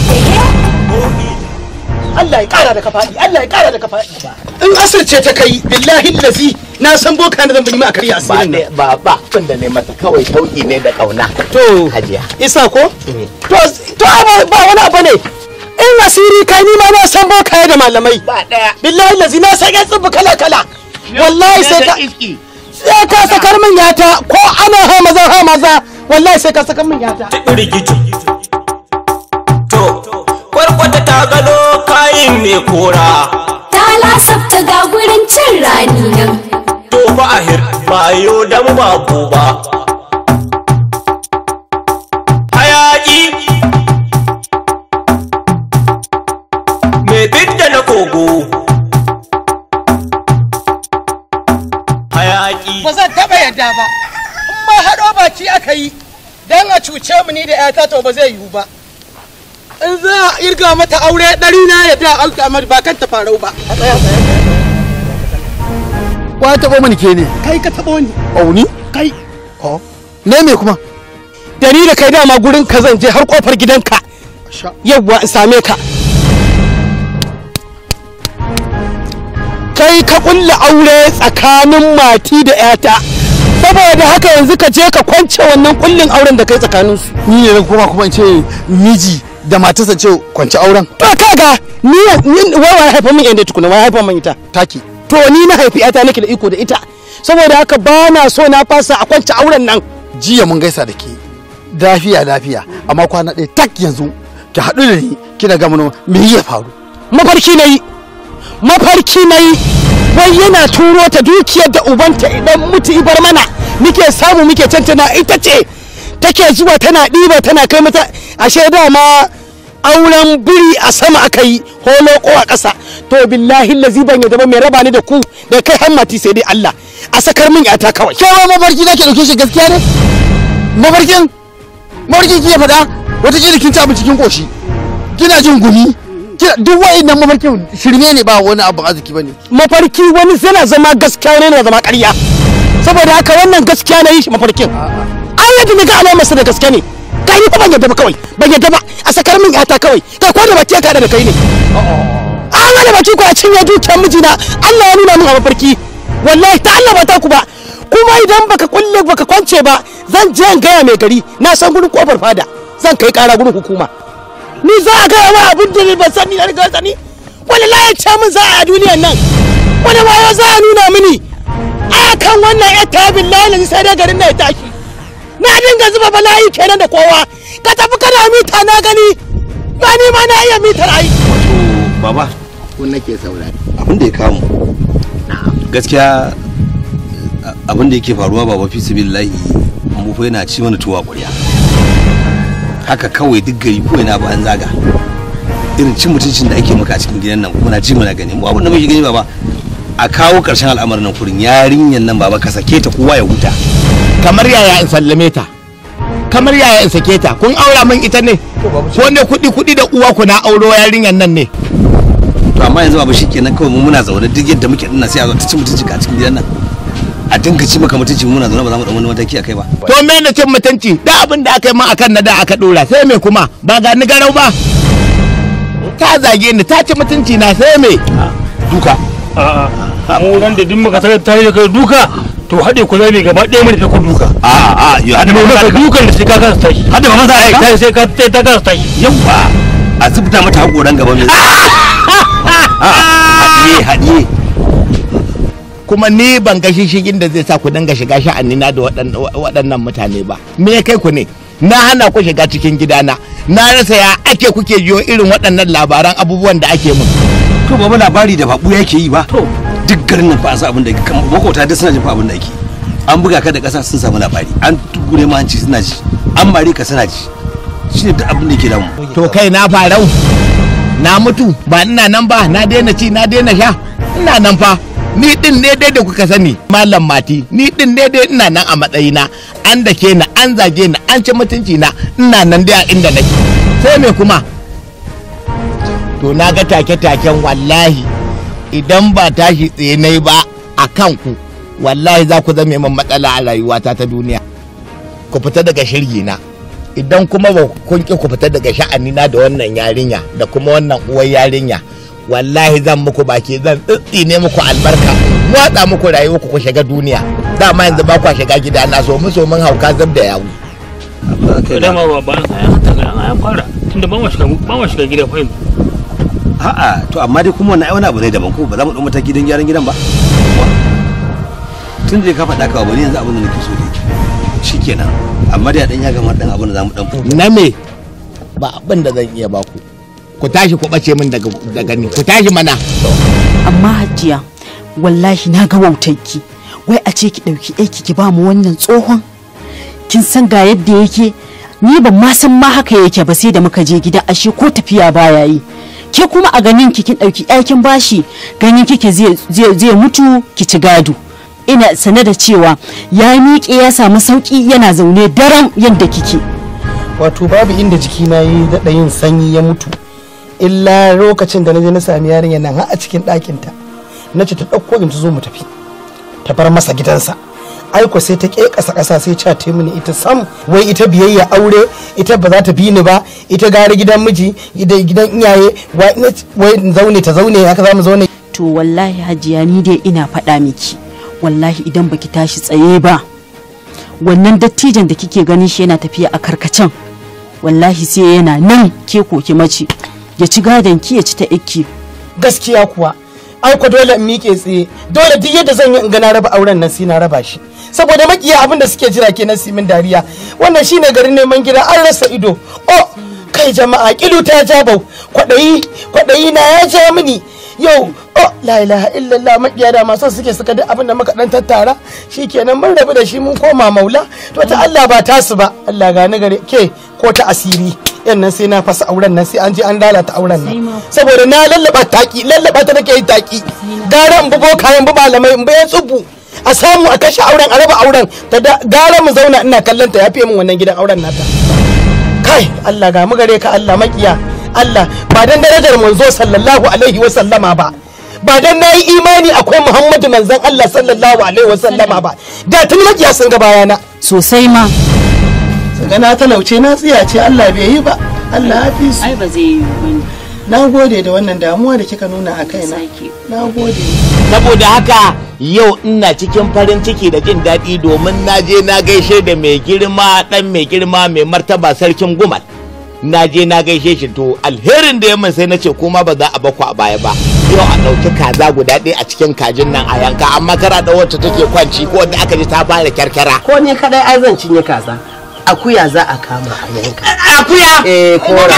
Allah ya kara da kafaɗi Allah ya kara da kafaɗi in asir ce ta kai billahi lazi na san boka na zambani ma a karya asirin nan ba ba abin da ne mata kawai tauki ne da kauna to hajiya isa ko to to ba wani abu ne in asiri kai ni ma na san boka da malamai ba daya billahi lazi na san yan tsibu kala kala wallahi sai ka sai ka sakar min yata ko ana ha maza ha maza wallahi sai ka sakar min yata rigiji to kwarkwata ta gano kayin mai kora ta lasafta ga gurin cin rani nan to ba ahir ba yo dan babu ba da ba in ma haɗo baki aka yi dan a cuce mu ni da yata to ba zai yiwu ba in za a irga mata aure ɗari na ya da alƙamar ba kan ta farau ba wa taɓo mani ke ne kai ka taɓo ni auni kai ne me kuma dari da kai dama gurin ka zan je har kofar gidanka yawwa in same ka kai ka kulla aure tsakanin mati da 'yata saboda haka yanzu ka je ka kwance wannan kullin auren da kai tsakanin su ni ne zan koma kuma in ce miji da matarsa ce kwance auren to kaga ni wai wai haifa min inda tukuna wai haifa min ita taki to ni na haifi ita nake da iko da ita saboda haka ba na so na fasa a kwance auren nan jiya mun gaisa da ke lafiya lafiya amma kwana ɗaya tak yanzu ki haɗu da ni kina ga mun me ya faru mafarki nayi mafarki nayi wai yana turo ta dukiyar da ubanta idan mutu ibar mana muke samu muke na ita ce take zuwa tana ɗiba tana kai mata ashe dama auren biri a sama aka yi holoko a ƙasa to billahi lazi ban yadda ba mai raba ni da ku da kai hammati sai dai Allah a sakar min yata kawai kewa mafarki nake dauke shi gaskiya ne mafarkin mafarkin ki ya faɗa wata kin ta cikin koshi kina jin gumi duk nan mafarki shirme ne ba wani abu arziki bane mafarki wani yana zama gaskiya ne yana zama ƙarya saboda haka wannan gaskiya na yi shi mafarkin an yadda na ga alamarsa da gaske ne ka yi ban yadda ba kawai ban yadda ba a sakar min yata kawai kai ko da baki ya kada da kai ne an hana baki ko a cinye dukiyar mijina Allah ya nuna min a mafarki wallahi ta Allah ba ta ku ba kuma idan baka kulle baka kwance ba zan je in gaya mai gari na san gurin kofar fada zan kai kara gurin hukuma ni za a gaya wa abin da ban sani na riga sani wani layar ce min za a duniyar nan wani wayo za a nuna mini a kan wannan ya tabin lalin sai dai garin na ya tashi na dinga zuba bala'i kenan da kowa ka tafi kana mita na gani ba ni ma na iya mitar ai baba ko nake saurari abin da ya kamu gaskiya abin da yake faruwa baba fi sabilillahi mu fa yana ci mana tuwa ƙwarya haka kawai duk gari ko ina bayan zaga irin cin mutuncin da ake maka a cikin gidan nan muna ji muna gani mu abin da muke gani baba a kawo karshen al'amarin nan kurin yarinyan nan baba ka sake ta kowa ya huta kamar yaya in sallame ta kamar yaya in sake ta kun aura min ita ne ko ne kuɗi kuɗi da uwa ku na auro yarinyan nan ne to amma yanzu baba shikenan kawai mu muna zaune duk yadda muke dinna sai a zo ta cin mutuncin ka a cikin gidan nan a dinka ci maka mutunci muna na ba za mu dan wani mataki akai ba to me ne cin mutunci da abin da akai ma akan na da aka dora sai me kuma ba ga ni garau ba ta zage ni ta ci mutunci na sai me duka mu nan da duk muka tare ta yi duka to hade ku zai gaba ɗaya mai da ku duka a a yo hade ba ka dukan da sai ka kasa tashi hade ba maza ai sai ka sai ta kasa tashi yawa a zubta mata hakoran gaba mai [LAUGHS] a haɗiye haɗiye kuma ni ban ga shishigin da zai sa ku dinga shiga sha'anina da waɗannan mutane ba me kai ku ne na hana ku shiga cikin gidana na rasa ya ake kuke jiyo irin waɗannan labaran abubuwan da ake mun to ba labari da babu yake yi ba to duk garin nan fa a abin da makota duk suna jin fa abin da yake an buga ka da ƙasa sun samu labari an gure ma hanci suna ji an mare ka suna ji shine duk abin da ke damu to kai na farau na mutu ba ina nan ba na daina ci na daina sha ina nan fa ni din ne dai da kuka sani malam mati ni din ne dai ina nan a matsayina an dake na an zage na an ci mutunci na ina nan dai a inda nake sai me kuma to na ga take-taken wallahi idan ba tashi tsaye nayi ba a kanku wallahi za ku zame min matsala a rayuwata ta duniya ku fita daga shirgi na idan kuma ba kun ki ku fita daga sha'ani na da wannan yarinya da kuma wannan uwar yarinya wallahi zan muku baki zan ne muku albarka watsa muku rayuwarku ku shiga duniya dama yanzu ba kwa shiga gida na so mun mun hauka zab da yawo dama ba ba fara tunda a'a to amma dai abu ne tun da ka faɗa ka ba ni yanzu abin da nake so dai shikenan amma dai a dan ya gama dan abin da za mu dan na me ba abin da zan iya baku ku tashi ku ɓace min daga ni ku tashi mana amma hajiya wallahi na ga wautanki wai a ce ki ɗauki aiki ki ba mu wannan tsohon kin san ga yadda yake ni ban ma san ma haka yake ba sai da muka je gida ashe ko tafiya baya yi ke kuma a ganin ki kin ɗauki aikin bashi ganin kike zai mutu ki ci gado ina sane da cewa ya miƙe ya samu sauƙi yana zaune daren yadda kike wato babu inda jikina yi daɗa yin sanyi ya mutu illa lokacin da na je na sami yarinya nan har a cikin ɗakin ta na ce ta ɗauko in ta zo mu tafi ta bar masa gidansa aiko sai ta ke ƙasa ƙasa sai ce ta mini ita sam wai ita biyayya aure ita ba za ta bi ni ba ita gari gidan miji gidan iyaye wai zaune ta zaune haka za mu zaune to wallahi hajiya ni dai ina faɗa miki wallahi idan baki tashi tsaye ba wannan dattijan da kike ganin shi yana tafiya a karkacin wallahi sai yana nan ke koki mace ya ci gadon ki ya ci ta ikki gaskiya kuwa ai ku dole in miƙe tsaye dole duk yadda zan yi in ga na raba auren nan sai na raba shi saboda makiya abin da suke jira kenan simin dariya wannan shine garin neman gida an rasa ido oh kai jama'a kilu ta ja kwadayi kwaɗayi na ya ja mini yau oh la ilaha illallah makiya da masu suke suka da abin da muka dan tattara shikenan mun rabu da shi mun koma maula to ta Allah ba tasu ba Allah gani gare ke ko ta asiri yan nan sai na fasa auren nan sai an je an lalata auren nan saboda na lallaba taki lallaba ta nake yi taki gara in bugo kayan bu malamai in bi tsubu a samu a kashe auren a raba auren ta gara mu zauna ina kallon ta ya fiye min wannan gidan auren nata kai Allah ga mu gare ka Allah makiya Allah ba dan darajar manzo sallallahu alaihi wa sallama ba ba dan nayi imani akwai Muhammadu manzon Allah sallallahu alaihi wa sallama ba da tun makiya sun ga bayana sosai ma gana talauce na tsiyace Allah bai yi ba Allah hafi su ai ba zai yi na gode da wannan damuwa da kika nuna a kaina na gode saboda haka yau ina cikin farin ciki da jin daɗi domin na je na gaishe da mai girma ɗan mai girma mai martaba sarkin gumal na je na gaishe shi to alherin da ya min sai na ce kuma ba za a baku a baya ba yau a ɗauki kaza guda ɗaya a cikin kajin nan a yanka amma kara da wacce take kwanci ko wanda aka ji ta fara kyarkyara ko ni kadai ai zan cinye kaza akuya za a kama a yanka akuya eh kora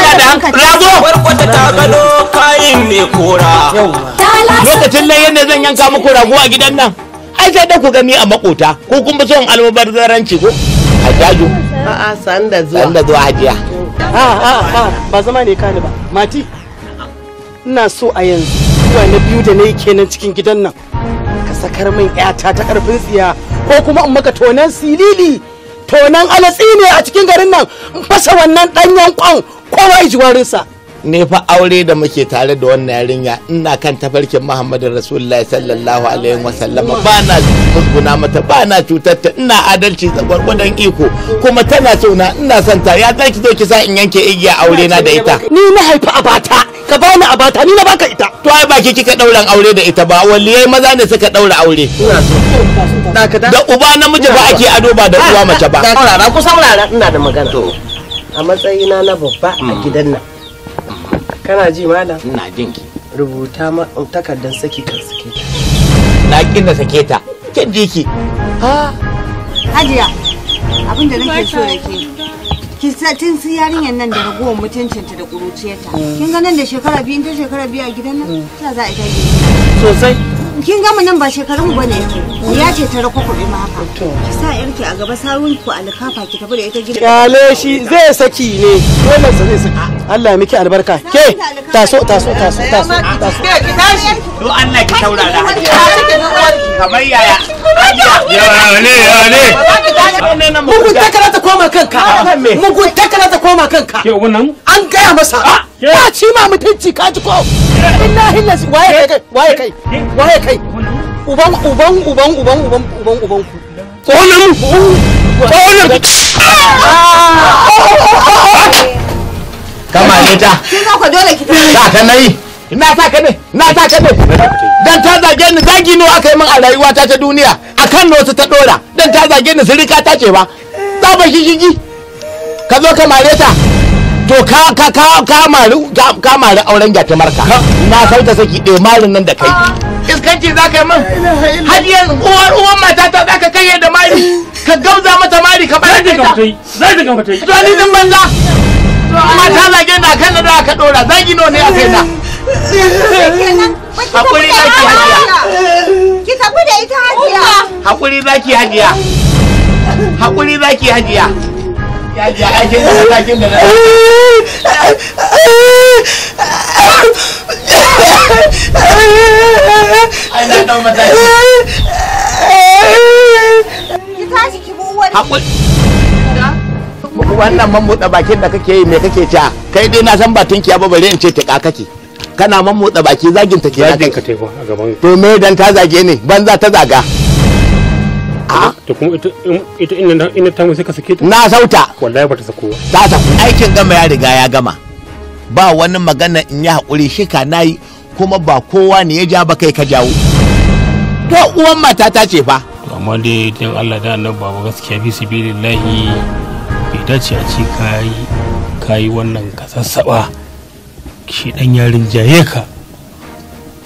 rago kayin ne kora lokacin nan yadda zan yanka muku rago a gidan nan ai sai da ku gani a makota ko kun bi son almubazzaranci ko hajjaju a'a da zuwa da zuwa hajiya a'a ah, ah, ah, ba zama ne kani ba mati ina so a yanzu zuwa na biyu da na yi kenan cikin gidan nan ka sakar min 'yata ta karfin tsiya ko kuma in maka tonan silili nan alatsi ne a cikin garin nan in fasa wannan ɗanyen kwan kowa ji warinsa ne fa aure da muke tare da wannan yarinya ina kan tafarkin muhammadu rasulullahi sallallahu alaihi wasallam ba na musguna mata ba na cutarta ina adalci da gwargwadon iko kuma tana so na ina son ta ya zaki zo ki sa in yanke igiya aure na da ita ni na haifi abata ka bani a bata ni na baka ita to ai baki kika dauran aure da ita ba waliyai maza ne suka daura aure da uba namiji ba ake ado ba da uwa mace ba rara ku rara ina da magana a matsayina na babba a mm. gidan nan kana ji malam ina jin ki rubuta ma takardar saki kan sake na kin da sake ta kin ji ki ha hajiya abin da nake so yake ki tun su yarinyar nan da ragowar mutuncinta da ƙuruciyarta kin ga nan da shekara biyu ta shekara biyu a gidan nan ta za a yi sosai kin ga mun nan ba shekarun mu bane ya ce ta rako kuɗi ma haka ki sa yarki a gaba sarun ku alkafa ki tafi da ita gida kyale shi zai saki ne dole sa zai saki Allah miki albarka ke taso taso taso taso taso ki tashi do Allah ki taurara kamar yaya mugun takara ta koma kanka mugun takara ta koma kanka ke wannan an gaya masa ah! ba ci ma mutunci ka ji ko inna hillas waye kai waye kai waye kai uban uban uban uban uban uban uban ku tsohonan tsohonan kama ne ta kin ka dole ki ta ta nayi na ne? Ina sa ta ne? dan ta zage ni zagi nawa aka yi min a rayuwata ta duniya a kan wasu ta ɗora dan ta zage ni sirika ta ce ba ba shi ki? ka zo ka mare ta to ka ka ka ka mari ka mari auren gyata marka na sauta saki ɗaya marin nan da kai iskanci za ka yi min har yanzu uwar uwar mata ta za ka kai da mari ka gauza mata mari ka bayar da ita zai da gamata yi to ni din banza mata zage na kan da ka dora zagi no ne a kai na hakuri zaki hajiya ki tafi da ita hajiya hakuri zaki hajiya hakuri zaki hajiya ya ya ake ki ki wannan mamutsa bakin da kake yi me kake ta kai dai na san ba tunkiya ba bare in ce ta kake kana motsa baki zagin ta kenan zagin ka a gaban to me dan ta zage ne banza ta zaga to kuma ita ina ta mu sai ka sake ta na sauta wallahi ya bata sako ta ta aikin gama ya riga ya gama ba wani magana in ya haƙuri shi ka nayi kuma ba kowa ne ya ja ba kai ka jawo to uwan mata ta ce fa To amma dai dan Allah da annabi baba gaskiya bi su billahi bai dace a ce kai kai wannan ka sassaba shi ɗan yarin jaye ka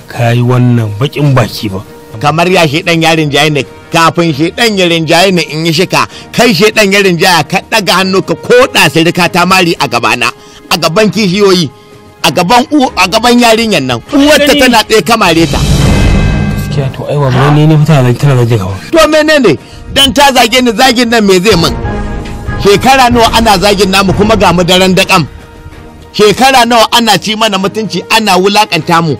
kai wannan bakin baki ba kamar ya shedan yarin jayi ne kafin shedan yarin rinjaye ne in yi shika kai shedan yarin jaya ka daga hannu ka koda sai ta mari a gabana a gaban kishiyoyi a gaban u a gaban yarinyar nan uwarta tana tsaye kamare ta gaskiya to ai babu ne ne fita da tana zage ka to menene dan ta zage ni zagin nan me zai min shekara nawa ana zagin namu kuma ga mu daren da kam shekara nawa ana ci mana mutunci ana wulakanta mu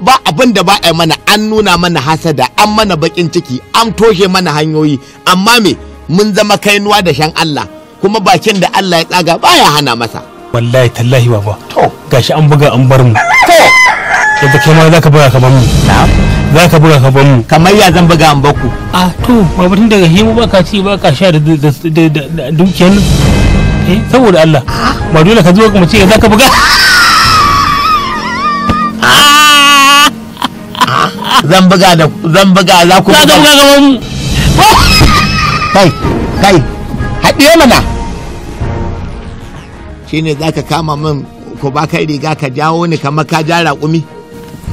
ba abin da ba a mana an nuna mana hasada an mana bakin ciki an toshe mana hanyoyi amma me mun zama kainuwa da shan Allah kuma bakin da Allah ya tsaga ba ya hana masa wallahi tallahi baba to gashi an buga an bar mu to yadda kai ma ka buga kaman mu za ka buga ka mu kamar ya zan buga an baku a to baba tun daga himu ba ka ci ba ka sha da dukiyar eh, saboda Allah ah. ba dole ka zo kuma ce za ka buga zan buga da zan buga za ku buga za buga gaban kai kai haɗiye mana shine zaka kama min ko ba kai riga ka jawo ni kamar ka ja raƙumi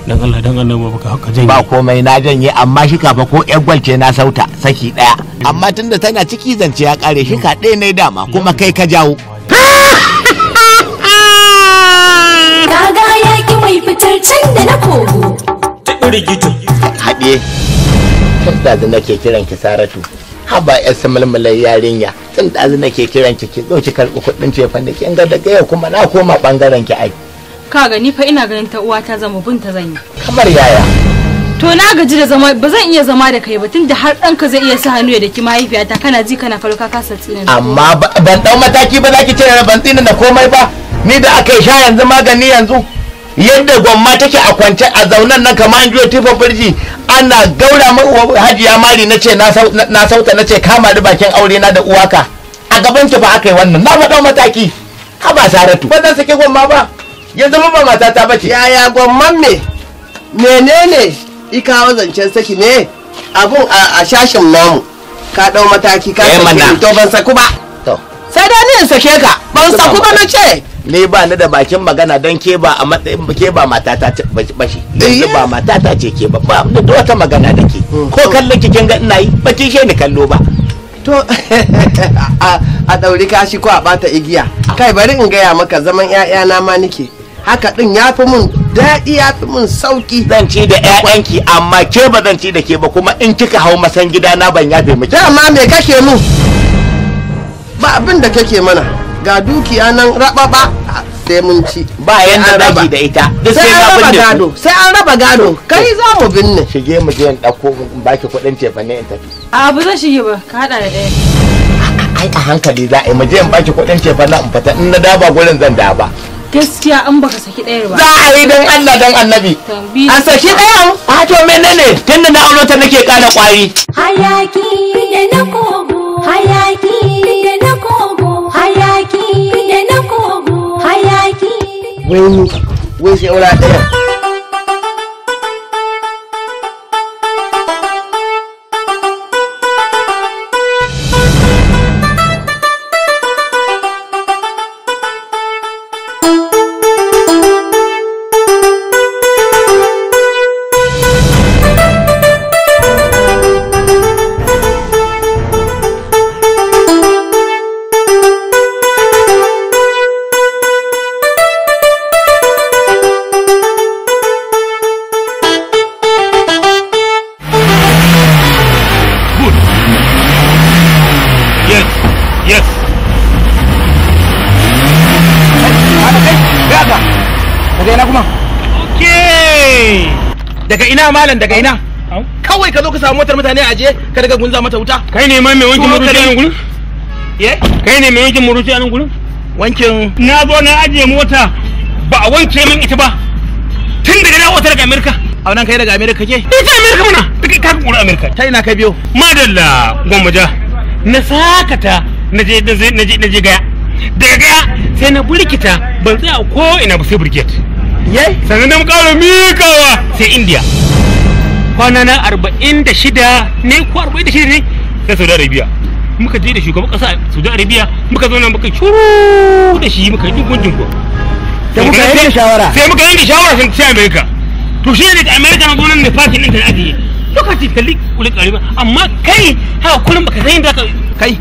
dan Allah dan Allah ba ka haka janye ba komai na janye amma shi kafa ko ƴar gwalce na sauta saki daya amma tunda tana ciki zance ya kare shi ka ɗaya ne dama kuma kai ka jawo Kaga yaki mai fitar can da na kogo. firgito haɗe tun da ke kiran ki saratu haba yar samalmalar yarinya tun da ke kiran ki ki zo ki karɓi kuɗin cefan da kin ga daga kuma na koma ɓangaren ki ai ka gani fa ina ganin ta uwa ta zama bin ta zanyi kamar yaya to na gaji da zama ba zan iya zama da kai ba tun da har ɗanka zai iya sa hannu ya daki mahaifiyata kana ji kana farka kasa tsinin amma ban ɗau mataki ba za ki cire ban tsinin da komai ba ni da aka sha yanzu magani yanzu yadda gwamma take a kwance a zaunan nan kamar an jiyo tifan firji ana gaura hajiya mari na ce na sauta na ce kama da bakin aure na da uwaka a gaban ki ba aka yi wannan na faɗa mataki ha ba saratu ba zan sake gwamma ba ya zama ba mata ba ce yaya gwamman me menene ikawa zancen saki ne abun a shashin namu ka ɗau mataki ka eh, sake ban saku ba sai dai ni in sake ka ban saku ba na ce ni ba ni da bakin magana don ke ba a ke ba matata ta bashi. Eh. yanzu ba matata ce ke ba ba da wata magana da hmm. ko kallon kikin ga ina yi ba ki ni kallo ba to [LAUGHS] a dauri kashi ko a bata igiya kai bari in gaya maka zaman 'ya'yana ma nike haka ɗin ya fi mun daɗi ya fi mun sauki zan ci da ƴaƴanki amma ke ba zan ci da ke ba kuma in kika hau masan gida na ban yafe miki dama me kake mun ba abin da kake mana ga dukiya nan rababa sai mun ci ba yanda zaki da ita sai an raba gado sai an raba gado kai za mu binne shige mu je in dauko in baki tefa ne in tafi a ba zan shige ba ka hada da daya. ai a hankali za a yi mu je in baki tefa na in fita in na daba gurin zan daba gaskiya an baka saki ɗaya ba za a yi don Allah don annabi a saki dayan a to menene tunda na aure ta nake kana kwari hayaki da na kogo hayaki hayaki da na kogo hayaki wai ni wai sai ɗaya malam daga ina kawai ka zo ka samu motar mutane a je ka daga gunza mata wuta kai ne mai wankin muruci a nan gurin eh? kai ne mai wankin muruci a nan gurin wankin na zo na ajiye mota ba a wanke min ita ba tun daga na wata daga amerika a nan kai daga amerika ke ita amerika mana daga ka kuma amerika ta ina kai biyo madalla gwammaja na sakata na je na je gaya daga gaya sai na burkita ban tsaya ko ina ba sai burket yai sannan na mu karo mikawa sai india kwana na 46 ne ko 46 ne na saudi arabia muka je da shugaban kasa saudi arabia muka zo zauna muka churu da shi muka duk gungun ko da muka yanke shawara sai muka yanke shawara sun ci america to shi ne america na zo nan da fatin ɗin ta ajiye lokaci kalli kulin ƙarfi amma kai ha kullum baka zai yadda kai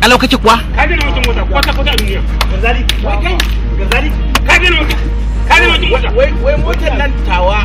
kalau kake kuwa ka je na mutum wata kuwa ta fita duniya gazali kai gazali ka je na mutum ka je na mutum mota wai motar nan tawa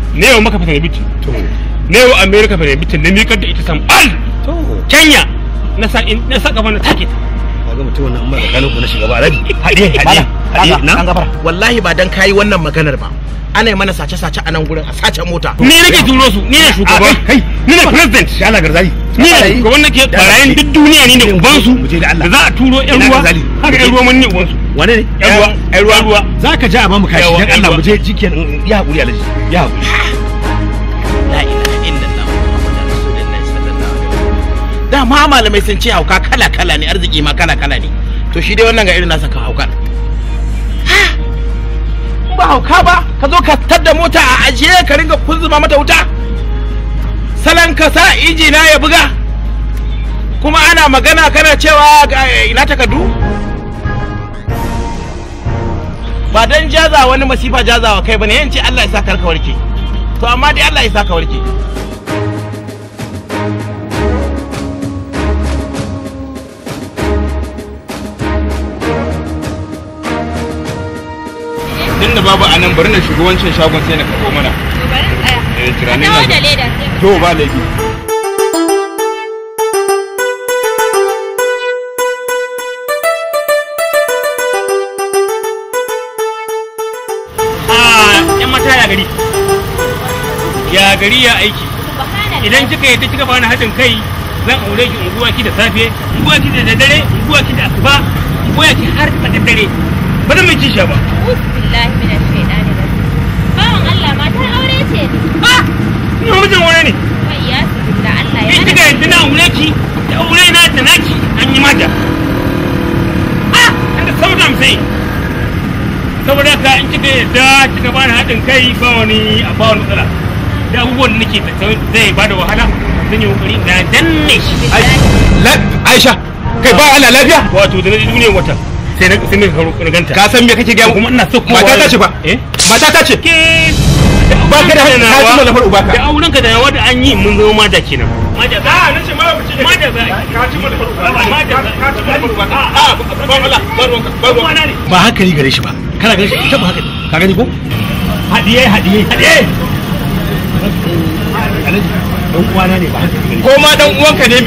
ne yau maka fata da biti ne yau america fata da biti na mikar da ita sambal kenya na sa na sa kafa na take ta kaga mutum wannan amma tsakanin ku na shiga ba rabi hade hade hade na wallahi ba dan kai wannan maganar ba ana yi mana sace-sace a nan gurin a sace mota ni nake turo su ni ne shugaba ni ne president ya Allah ni ne ga ke barayin duk duniya ne ne ubansu da za a turo yan ruwa haka yan ruwa mun ne ubansu wane ne yan ruwa yan ruwa za ka ji a bamu kashi dan Allah mu je jikin mm, ya hakuri alaji ya hakuri ma malamai sun ce hauka kala kala ne arziki ma kala kala ne to shi dai wannan ga irin nasa ka hauka ba hauka ba ka zo ka tadda mota a ajiye ka ringa kunzuma mata wuta salon kasa, injina inji na ya buga kuma ana magana kana cewa eh, ina takardu ba don jaza wani masifa jazawa kai bane yanci Allah ya sa karka warke to amma dai Allah ya sa ka warke tunda babu anan bari na shigo wancan shagon sai na karɓo mana eh kiranin na da yan mata ya gari ya aiki idan kika yadda kika bani haɗin kai zan aure ki unguwa ki da safe unguwa ki da dare unguwa ki da asuba unguwa ki har da dare ba zan mai ba mijin wani ne in kika yadda na aure ki da aure na da an yi mata ah da saboda amsai saboda ka in kika yadda kika ba ni haɗin kai ba wani a ba wani matsala da abubuwan da nake tattaunin zai ba da wahala zan yi kokari na danne shi aisha kai ba ala lafiya wato da na ji duniyar wata sai na ganta ka san me kake gaya kuma ina so kuma mata ta ce Eh? mata ta ce uba ka da hannun na ci malafar uba ka da auren ka da nawa da an yi mun zama mata kenan mata ba a nace ma ba ci ne mata ba ka ci malafar uba ba mata ka ci malafar uba a a ba wala ba ruwanka ba ruwanka ba hankali gare shi ba kana gare shi ita ba hankali ka gani ko hadiye hadiye hadiye dan uwana ne ba hankali ko ma dan uwanka ne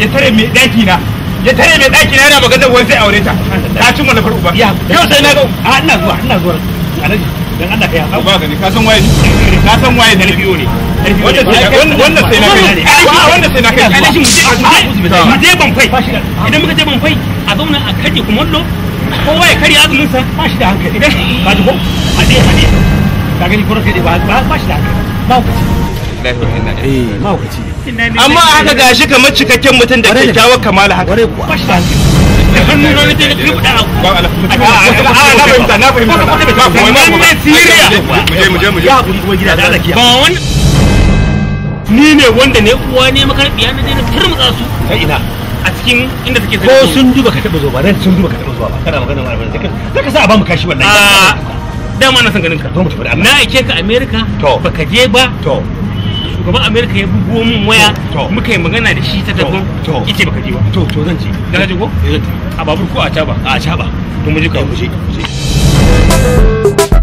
ya tare mai daki na ya tare mai daki na yana maganar wani zai aure ta ta ci malafar uba yau sai na ga a ina zuwa ina zuwa alaji dan Allah kai haka ba gani ka san waye ka san waye ne biyo ne wannan sai na kai wannan sai na kai kana shi mu je ban fai idan muka je ban fai a zauna a kaje kumallo kowa ya karya azumin sa ba shi da hankali idan ba ji ko a je a je ka gani ko kai ba ba shi da hankali ba eh, ku amma haka gashi kamar cikakken mutum da kyakkyawar kamala haka ba shi da da hannu ni ne wanda ne uwa ne makarbiya na je na turmutsa su ta ina a cikin inda take ko sun duba ka taba zo ba sun duba ka taba zo ba kana magana ma albarka ka sa a ba mu kashi wannan dama na san ganin ka na aike ka america baka je ba shugaban amerika ya bugo mun waya muka yi magana da shi ta dabban ita baka ji ba to to zan ci ji ko eh, a babur ko a caba a caba to mu ji ka eh, mu je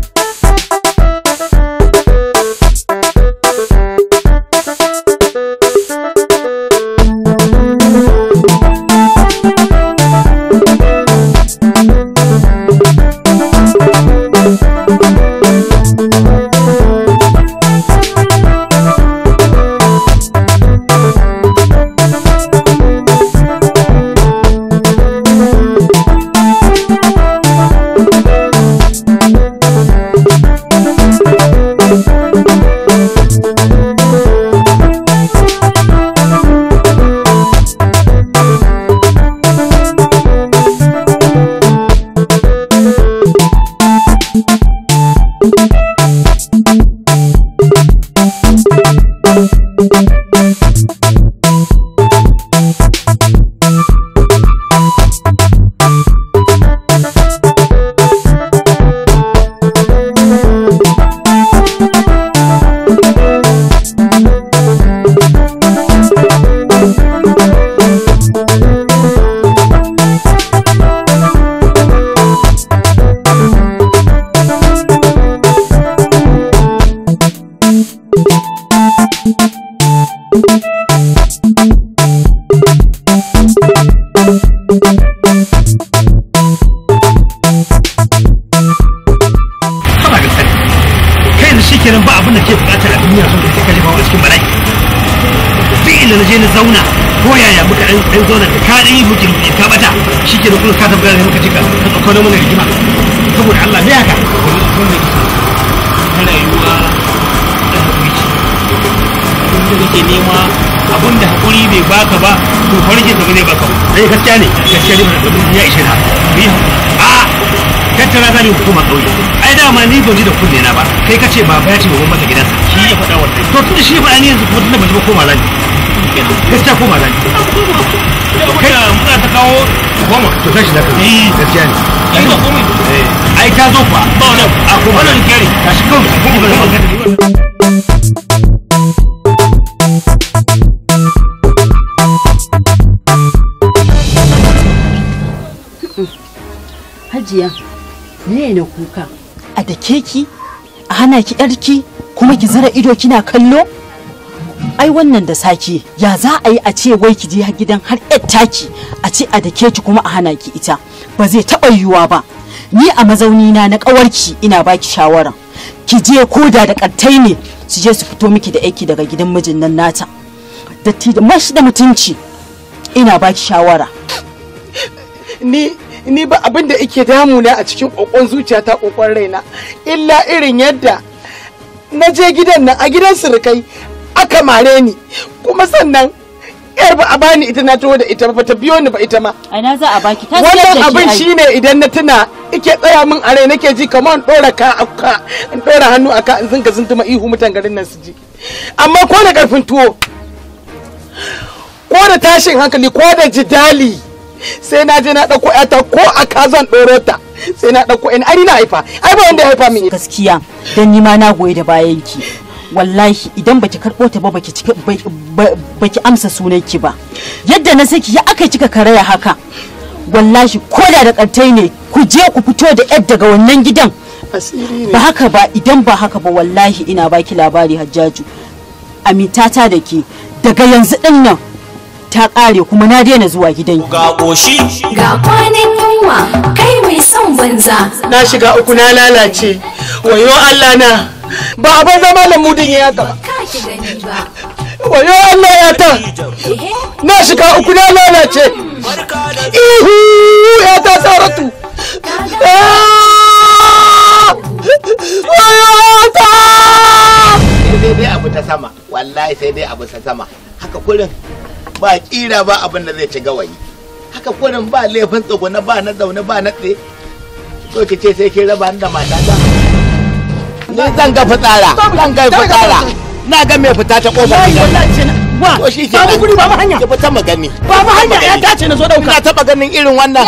ido kina kallo ai wannan da sake ya za a yi a ce wai ki je gidan har taki a ce a dake ki kuma a hana ki ita ba zai taɓa yiwuwa ba ni a mazauni na na ƙawarki ina baki shawara ki je koda da ƙartai ne su je su fito miki da aiki daga gidan mijin nan nata datti da mashi da mutunci ina baki shawara ni ni ba abin da ike damuna a cikin kokon zuciyata kokon raina illa irin yadda na je gidan nan a gidan surukai aka mare ni kuma sannan yar ba a bani ita na taho da ita ba ta biyo ni ba ita ma a za a baki ta wannan abin shine idan na tuna ike tsaya min a rai nake ji kamar dora ka aka in dora hannu aka in zinka zintuma ihu mutan garin nan su ji amma ko da karfin tuwo ko da tashin hankali ko da jidali sai na je na dauko yata ko a zan doro ta sai na ɗauko in ari na haifa ai ba wanda ya haifa min gaskiya dan ni ma na goyi da bayanki ki wallahi idan baki karɓo ta ba baki cika baki amsa sunan ki ba yadda na saki ya aka kika karaya haka wallahi koda da kartai ne ku je ku fito da yar daga wannan gidan ba haka ba idan ba haka ba wallahi ina baki labari hajjaju amintata da ke daga yanzu din nan ta ƙare kuma na daina zuwa gidan ga ƙoshi ga kwanan yunwa kai mai son banza na shiga uku na lalace wayo Allah na ba a banza malam mudin ya ba wayo Allah ya ta eh? na shiga uku na lalace ihu ya ta saratu ah! wayo ta sai dai abu ta sama wallahi sai dai abu ta sama haka kurin ba kira ba abin da zai ci gawayi haka kurin ba laifin na ba na zaune ba na tsaye so ki ce sai ki raba ni da matata ni zan ga fitsara zan ga fitsara na ga mai fita ta kofar gidan wa to shi ke babu guri babu hanya ki fita magani babu hanya ya dace na zo dauka ina taba ganin irin wannan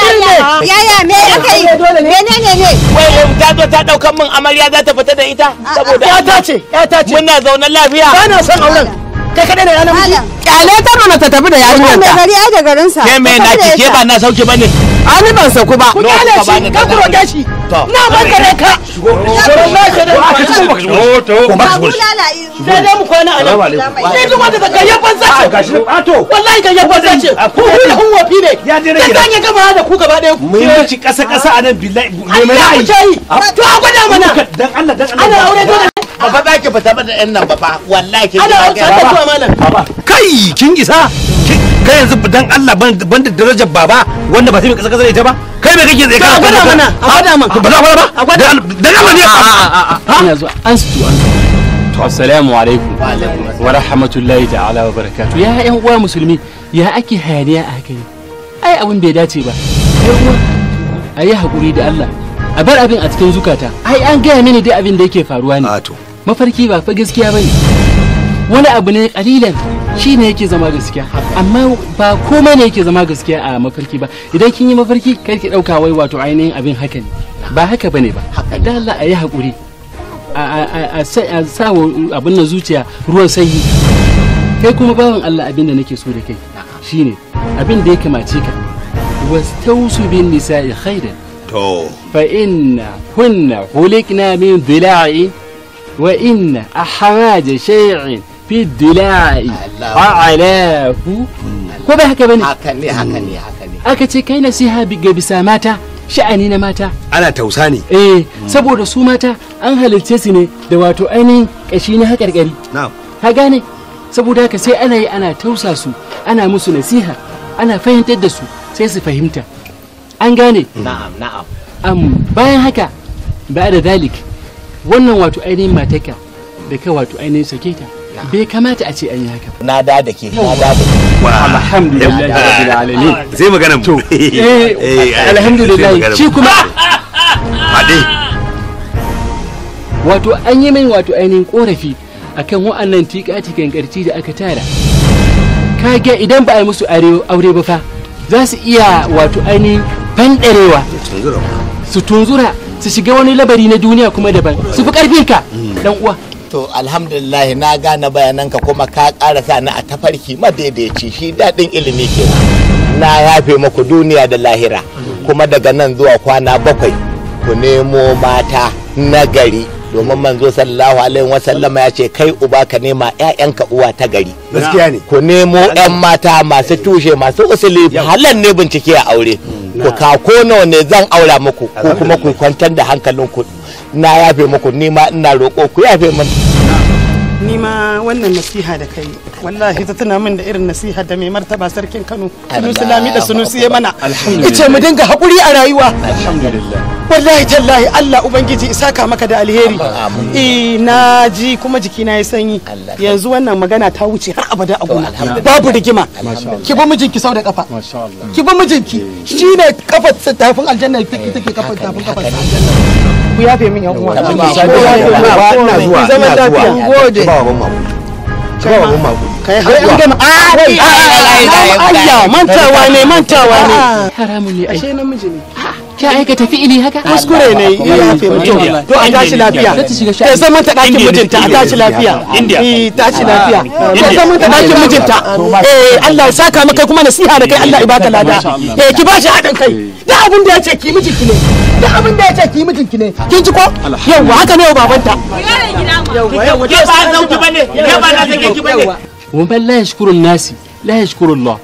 yaya me aka yi menene ne wai ta zo ta daukan min amarya za ta fita da ita saboda ya dace ya dace muna zaune lafiya ba na son auren kai kadai da yanar miji kyale ta mana ta tafi da yarinyar ta gari ai da garin sa ke me na ki ke ba na sauke bane ani ban sauku ba ku kyale shi ka kuroge shi na ban ka da ka shigo na ke da ka shigo ka shigo to ko ba shigo sai dai mu kwana a nan sai duk wanda da gayyan banza ce gashi a to wallahi gayyan banza ce ku da hun wafi ya je ne ka sanya gaba da ku gaba ci kasa kasa a nan billahi me mai to a gwada mana dan Allah dan Allah ana aure ba fa zaki fita ba da yan nan ba fa wallahi kin ga ka ba kai kin isa kai yanzu dan Allah ban da darajar baba wanda ba sai mai kasa kasa ita ba kai me kake tsaye ka gwada mana a gwada mana ba za gwada ba dan Allah ne ha ina zuwa an su an Assalamu alaikum wa rahmatullahi ta'ala wa barakatuh ya yan uwa musulmi ya ake hayaniya a haka ne ai abin bai dace ba ai hakuri da Allah a bar abin a cikin zukata ai an gaya mini dai abin da yake faruwa ne mafarki ba fa gaskiya bane wani abu ne kalilan shi ne yake zama gaskiya amma ba komai ne yake zama gaskiya a mafarki ba idan kin yi mafarki kar ki dauka wai wato ainihin abin haka ne ba haka bane ba da Allah a yi hakuri a sa abin na zuciya ruwan sanyi kai kuma bawan Allah abin da nake so da kai shine abin da ya kamace ka wastausu bin nisa'i khairan to fa inna hunna khuliqna min dhila'in وإن أحواج شيء في الدلاع وعلاه ko bai haka bane ne haka ne haka ne aka ce kai nasiha ga bisa mata sha'ani na mata ana tausa eh saboda su mata an halicce su ne da wato ainihin kashi na hakarkari na'am ka gane saboda haka sai ana yi ana tausa su ana musu nasiha ana fahimtar da su sai su fahimta an gane na'am na'am bayan haka ba da dalik wannan wato ainihin mataka da kai wato ainihin sake ta bai kamata a ce an yi haka na da da ke na da da ke alhamdulillah rabbil magana to [LAUGHS] eh, eh, eh alhamdulillah shi kuma hade wato an yi min wato ainihin korafi akan wa'annan tikatikan tikan karci da aka tara kage idan ba a yi musu aure ba fa za su iya wato ainihin fanɗarewa su tunzura su shiga wani labari na duniya kuma daban su fi karfin ka dan hmm. uwa to alhamdulillah na gane bayananka kuma ka ƙara sa ni a tafarki madaidaici shi daɗin ilimi ke na yafe muku duniya da lahira hmm. kuma daga nan zuwa kwana bakwai ku nemo mata na gari domin manzo sallallahu alaihi wasallam ya ce kai uba ka nema ƴaƴanka uwa ta gari gaskiya ne ku nemo ƴan mata masu tushe masu usuli halan ne bincike a aure mm. ku ka ko nawa ne zan aura muku ko kuma ku kwantar da hankalinku na yafe muku nima ina roƙo ku yafe mani ni ma wannan nasiha da kai wallahi ta tuna min da irin nasiha da mai martaba sarkin Kano sunu Lami da Sunusi ya mana ice mu dinga hakuri a rayuwa alhamdulillah wallahi jallahi Allah ubangiji isaka maka da alheri eh na ji kuma jikina ya sanyi yanzu wannan magana ta wuce har abada a gona babu rigima ki bi mijinki sau da kafa ki bi mijinki eh. shine kafar tafin aljanna take take kafar tafin kafar aljanna ku yafe min yan uwa ina zuwa ina zuwa gode ba ban ba ban kai har an gama a ne mantawa ne namiji ne Ka aikata fi'ili haka kuskure ne ya yafe mutum to a tashi lafiya ta zama ta ɗakin mijinta a tashi lafiya eh tashi lafiya ta zama ta ɗakin mijinta ah, eh Allah ya saka maka kuma nasiha da kai Allah ya baka lada eh ki bashi haɗin kai da abin da ya ce ki mijinki ne da abin da ya ce ki mijinki ne kin ji ko yawa haka ne babanta yawa yawa ke ba zauki bane ke ba na zake ki bane wa man la yashkuru nasi la yashkuru Allah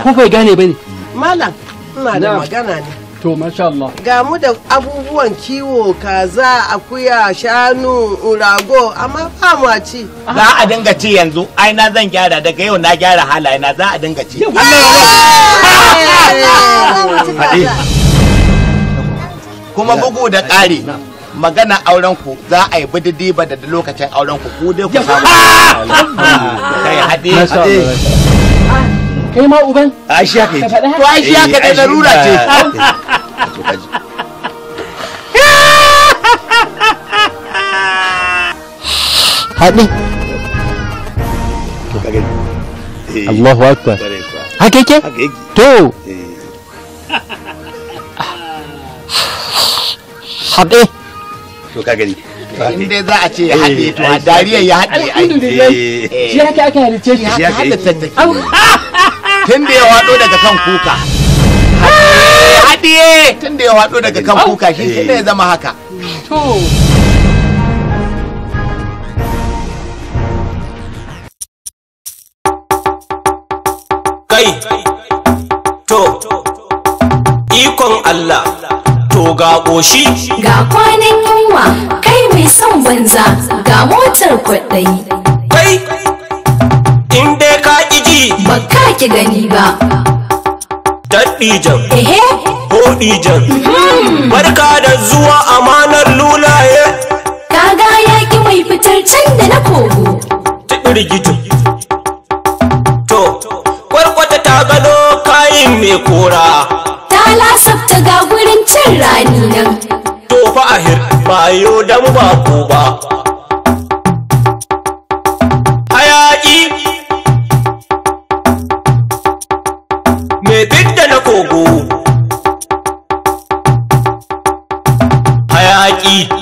ko bai gane bane malam ina da magana ne to masha Allah ga mu da abubuwan kiwo kaza akuya shanu urago amma ba mu ci za a dinga ci yanzu ai na zan gyara daga yau na gyara halaye na za a dinga ci kuma bugu da ƙari magana auren ku za a yi bididiba da lokacin auren ku ku dai ku samu ah! kai hade kai ma uban a shi to eh, larura ce [LAUGHS] [LAUGHS] haɗi eh. Allahu akbar to eh. [SIGHS] haɗe to ka gani in [LAUGHS] tun da ya wado daga kan kuka hadiye tun da ya waɗo daga kan kuka shi sai eh. ya zama haka kai to ikon Allah to ga goshi ga kwanan yunwa kai mai son banza ga motar kwaɗayi kai ba ki gani ba Daddijan Ehe Hodijan hmm. Barka da zuwa amanar lulaye Kaga yaki mai fitar can da na kogo Tibirgitu To kwarkwata ta gano kayin mai kora Ta lasafta ga gurin cin rani nan To fa ahir ba yo dan ba ko ba hayaki